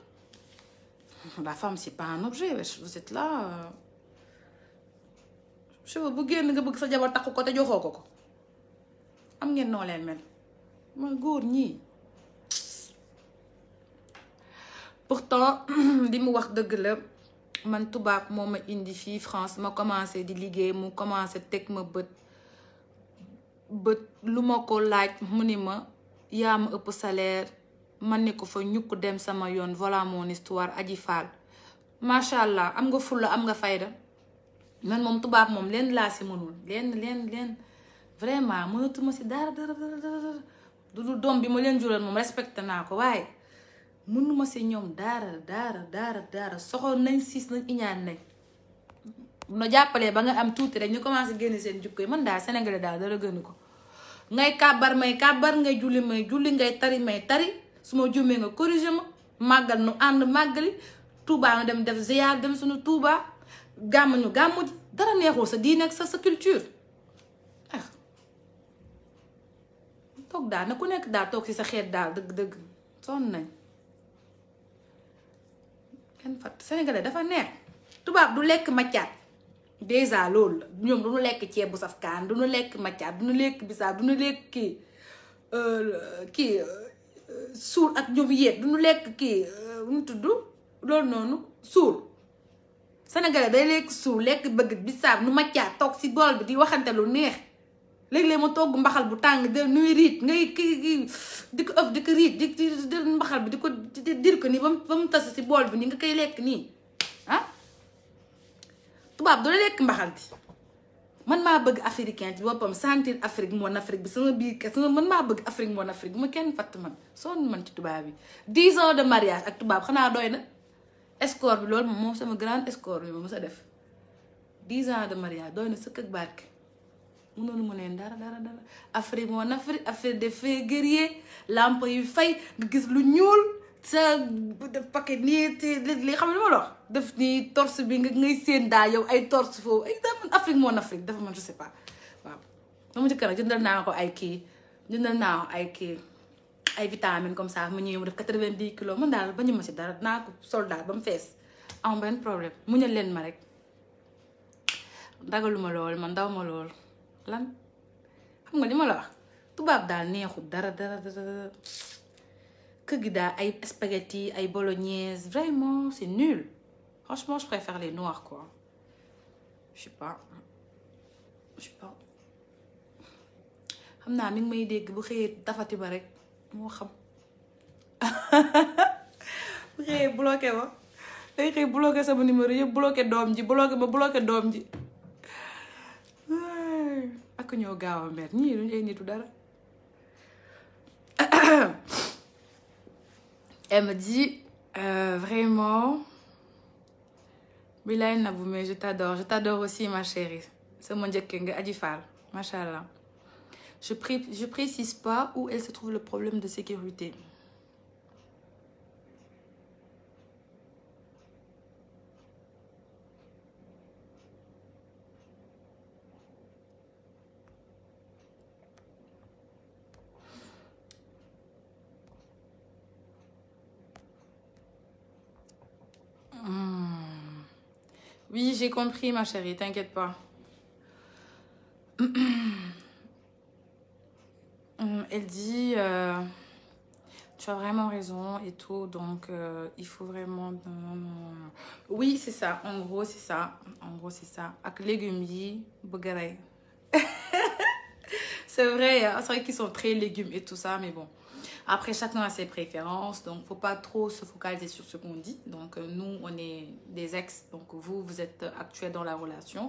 Speaker 1: (laughs) La femme, c'est pas un objet. Vous êtes là. Euh, je veux que vous bëgg sa jabar takku ko te joxoo ko ko am ngeen noo leen mel mooy góor ñii pourtant (clears throat) li mu wax dëgg la man tubaab moo ma indi fii France ma commencé di liggéey mu commencé teg ma bët bët lu ma ko laaj mu ni ma yaa ma salaire man ne ko fa ñukk dem sama yoon voilà mon histoire aji faal macha allah am nga fulla am nga fayda man moom tubaab moom leen laa si mënul leen leen leen vraiment mënatuma si dara dara dara dara doom bi ma leen jural moom respecté naa ko waaye mënuma si ñoom dara dara dara dara soxoon nañ siis nañ iñaan nañ no jàppalee ba nga am tuuti rek ñu commencé génn seen jukko yi man daal sénégalais daal dara gënu ko ngay kàbbar may kàbbar ngay julli may julli ngay tari may tari su ma juumee nga corrigé ma màggal nu ànd màggali Touba nu dem def ziar dem suñu Touba gàmm ñu gàmm ji dara neexul sa diine ak sa sa culture ah toog daal na ku nekk daal toog ci sa xeet daal dëgg-dëgg son nañ kenn fat sénégalais dafa neex tubaab du lekk maccaat déjà loolu la ñoom du ñu lekk ceeb bu saf kaan du ñu lekk maccaat du ñu lekk bisaab du ñu lekk kii euh, kii suul ak ñoom yéeg du ñu lekk kii euh, nu tudd loolu noonu suul sénégalais day lekk suul lekk bëgg bisaab nu maccaat toog si bool bi di waxante lu neex léeg-léeg ma togg mbaxal bu tàng de nuy riit ngay kii kii di ko ëf di ko riit di di mbaxal bi di ko dir ko nii ba mu tas si bool bi nii nga koy lekk nii ah tubaab du lekk mbaxal bi man ma bëgg africain ci bopam sentir Afrique mon Afrique bi sama biir kese man ma bëgg Afrique mon Afrique bu ma kenn fatt man son man ci tuba bi 10 ans de mariage ak tuba xana doyna escort bi loolu mo sama grand escort bi mo sa def 10 ans de mariage doyna na sëkk ak barke mënoonu mu neen dara dara dara Afrique mon Afrique Afrique des faits guerrier lampe yu fay nga gis lu ñuul sa paquet ni li xam lu ma wax def nii torse bi nga ngay séen daa yow ay torse foofu ay Afrique moon Afrique dafa man je sais pas waaw sama jëkkër naa ko ay kii jëndal naa ay kii ay vitamine comme ça mu ñëw mu def quatre-vingt-dix kilos man daal ba ñu ma si dara naa ko soldat ba mu fees am benn problème mu ñal leen ma rek dagaluma lool man daw ma lool lan xam nga li ma la wax tubaab daal neexul dara dara dara kër gi daal ay spaghetti ay bolognaise vraiment c'est nul Franchement, je préfère les noirs, quoi. Je sais pas. Je sais pas. Je sais. may tafati rek mo xam (laughs) bloqué ma day Je bloqué numéro ji ji ak dara (coughs) elle me dit euh, vraiment Bilal Naboumé, je t'adore je t'adore aussi ma chérie mon mon nga Adifal. Mashallah. je je précise pas où elle se trouve le problème de sécurité. J'ai compris, ma chérie, t'inquiète pas. (clears throat) Hum, elle dit, euh, tu as vraiment raison et tout, donc euh, il faut vraiment... Euh, oui, c'est ça, en gros, c'est ça. En gros, c'est ça. (laughs) C'est vrai, hein, c'est vrai qu'ils sont très légumes et tout ça, mais bon. Après, chacun a ses préférences, donc faut pas trop se focaliser sur ce qu'on dit. Donc euh, nous, on est des ex, donc vous, vous êtes actuel dans la relation.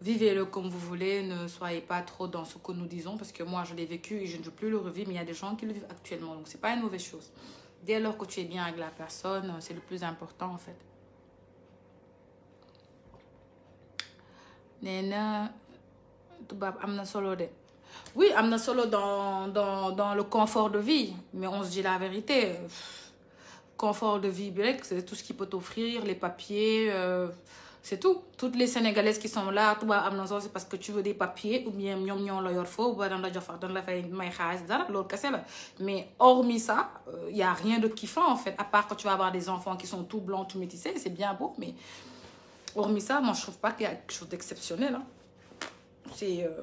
Speaker 1: Vivez-le comme vous voulez, ne soyez pas trop dans ce que nous disons, parce que moi, je l'ai vécu et je ne veux plus le revivre, mais il y a des gens qui le vivent actuellement, donc c'est pas une mauvaise chose. Dès lors que tu es bien avec la personne, c'est le plus important en fait. Néna, tu solo de oui, Amna Solo dans, dans, dans, le confort de vie. Mais on se dit la vérité. Confort de vie, c'est tout ce qu'il peut t'offrir, les papiers, euh, c'est tout. Toutes les Sénégalaises qui sont là, toi, Amna Solo, c'est parce que tu veux des papiers, ou bien la ou bien la dans la Mais hormis ça, il euh, n'y a rien de kiffant en fait. À part quand tu vas avoir des enfants qui sont tout blancs, tout métissés, c'est bien beau, mais hormis ça, moi je trouve pas qu'il y a quelque chose d'exceptionnel. Hein. C'est. Euh,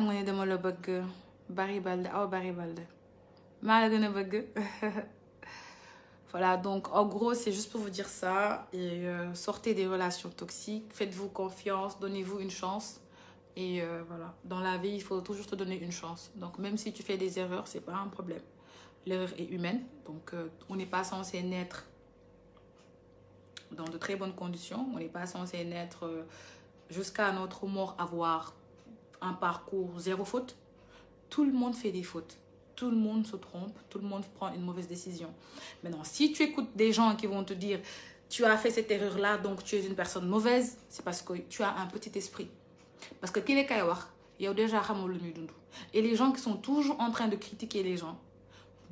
Speaker 1: Balde Balde (laughs) voilà donc en gros c'est juste pour vous dire ça et euh, sortez des relations toxiques faites-vous confiance donnez-vous une chance et euh, voilà dans la vie il faut toujours te donner une chance donc même si tu fais des erreurs c'est pas un problème l'erreur est humaine donc euh, on n'est pas censé naître dans de très bonnes conditions on n'est pas censé naître jusqu'à notre mort avoir un parcours zéro faute. Tout le monde fait des fautes. Tout le monde se trompe. Tout le monde prend une mauvaise décision. Maintenant, si tu écoutes des gens qui vont te dire tu as fait cette erreur-là, donc tu es une personne mauvaise, c'est parce que tu as un petit esprit. Parce que qu'il est il y a déjà Et les gens qui sont toujours en train de critiquer les gens,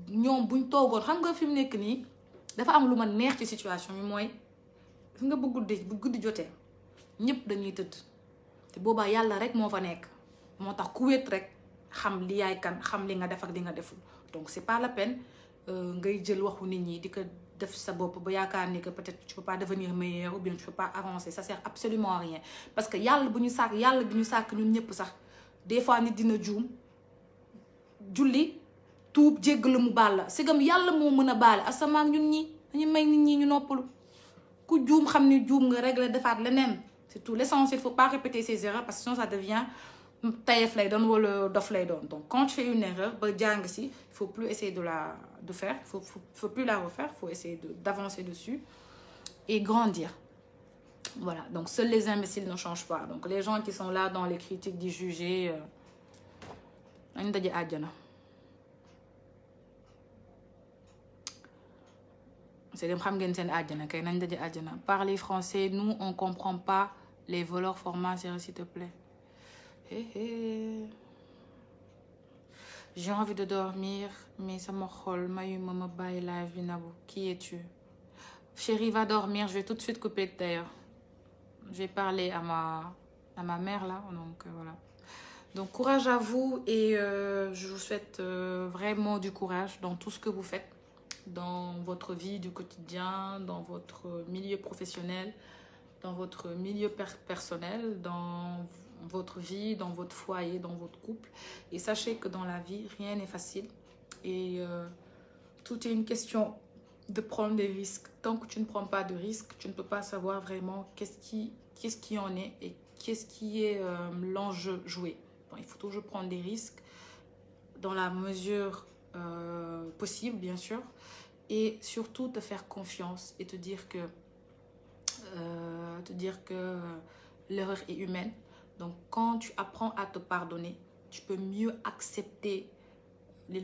Speaker 1: ñoom buñ toogoon xam nga fi mu nekk dafa am neex ci situation bi mooy fi nga bu guddi bu guddi de ñëpp dañuy tëdd te boobaa yàlla rek moo fa moo tax ku wéet rek xam li yaay kan xam li nga def ak li nga deful donc c'est pas la peine euh, ngay jël waxu nit ñi di ko def sa bopp ba yaakaar ni que peut-être tu peux pas devenir meilleur ou bien tu peux pas avancer ça absolument rien parce que yàlla bu ñu sàkk yàlla bi ñu sàkk ñun ñëpp sax des fois nit dina juum julli tuub la mu baal la sigam yàlla moo mën a baale asamaan ñun ñi dañu may nit ñi ñu noppalu ku juum xam ni juum nga régler defaat leneen c'est tout l'essentiel faut pas répéter ses erreurs parce que sinon ça donc quand tu fais une erreur Il ne faut plus essayer de la de faire faut faut, plus la refaire faut essayer d'avancer dessus et grandir voilà donc seuls les imbéciles ne changent pas donc les gens qui sont là dans les critiques D'y juger par euh, c'est français nous on comprend pas les voleurs formats s'il te plaît eh, eh. J'ai envie de dormir, mais ça m'enrôle. my maman, bye live, Vinabou. Qui es-tu? Chérie, va dormir. Je vais tout de suite couper terre. Je vais parler à ma, à ma mère là. Donc euh, voilà. Donc courage à vous et euh, je vous souhaite euh, vraiment du courage dans tout ce que vous faites, dans votre vie du quotidien, dans votre milieu professionnel, dans votre milieu personnel, dans votre vie, dans votre foyer, dans votre couple. Et sachez que dans la vie, rien n'est facile. Et euh, tout est une question de prendre des risques. Tant que tu ne prends pas de risques, tu ne peux pas savoir vraiment qu'est-ce qui, qu'est-ce qui en est et qu'est-ce qui est euh, l'enjeu joué. Bon, il faut toujours prendre des risques dans la mesure euh, possible, bien sûr. Et surtout, te faire confiance et te dire que, te dire que l'erreur est humaine donc, quand tu apprends à te pardonner, tu peux mieux accepter les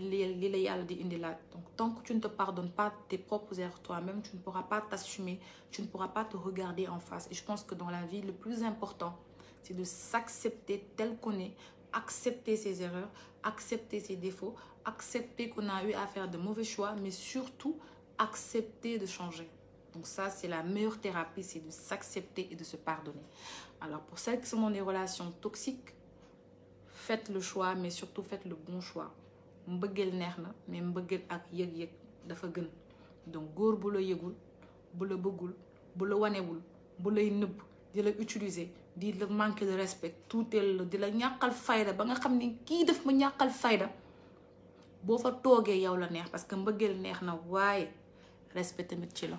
Speaker 1: donc, tant que tu ne te pardonnes pas tes propres erreurs toi-même, tu ne pourras pas t'assumer, tu ne pourras pas te regarder en face. Et je pense que dans la vie, le plus important, c'est de s'accepter tel qu'on est, accepter ses erreurs, accepter ses défauts, accepter qu'on a eu à faire de mauvais choix, mais surtout accepter de changer. Donc ça, c'est la meilleure thérapie, c'est de s'accepter et de se pardonner. Alors pour celles qui sont dans des relations toxiques, faites le choix, mais surtout faites le bon choix. mbëggeel neex mais mbëggeel ak yëg-yëg dafa gën donc góor bu la yëgul bu la bëggul bu la wanewul bu lay nëbb di la utiliser di la manquer de respect tuuteel la di la ñàkkal fayda ba nga xam ni kii daf ma ñàkkal fayda boo fa toogee yow la neex parce que mbëggeel neex na waaye respect tamit ci la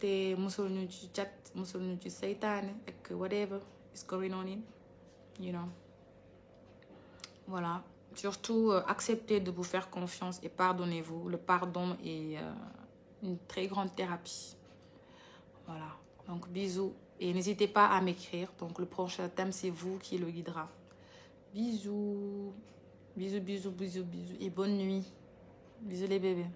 Speaker 1: te whatever is going on in you know voilà surtout euh, acceptez de vous faire confiance et pardonnez-vous le pardon est euh, une très grande thérapie voilà donc bisous et n'hésitez pas à m'écrire donc le prochain thème c'est vous qui le guidera bisous bisous bisous bisous bisous et bonne nuit bisous les bébés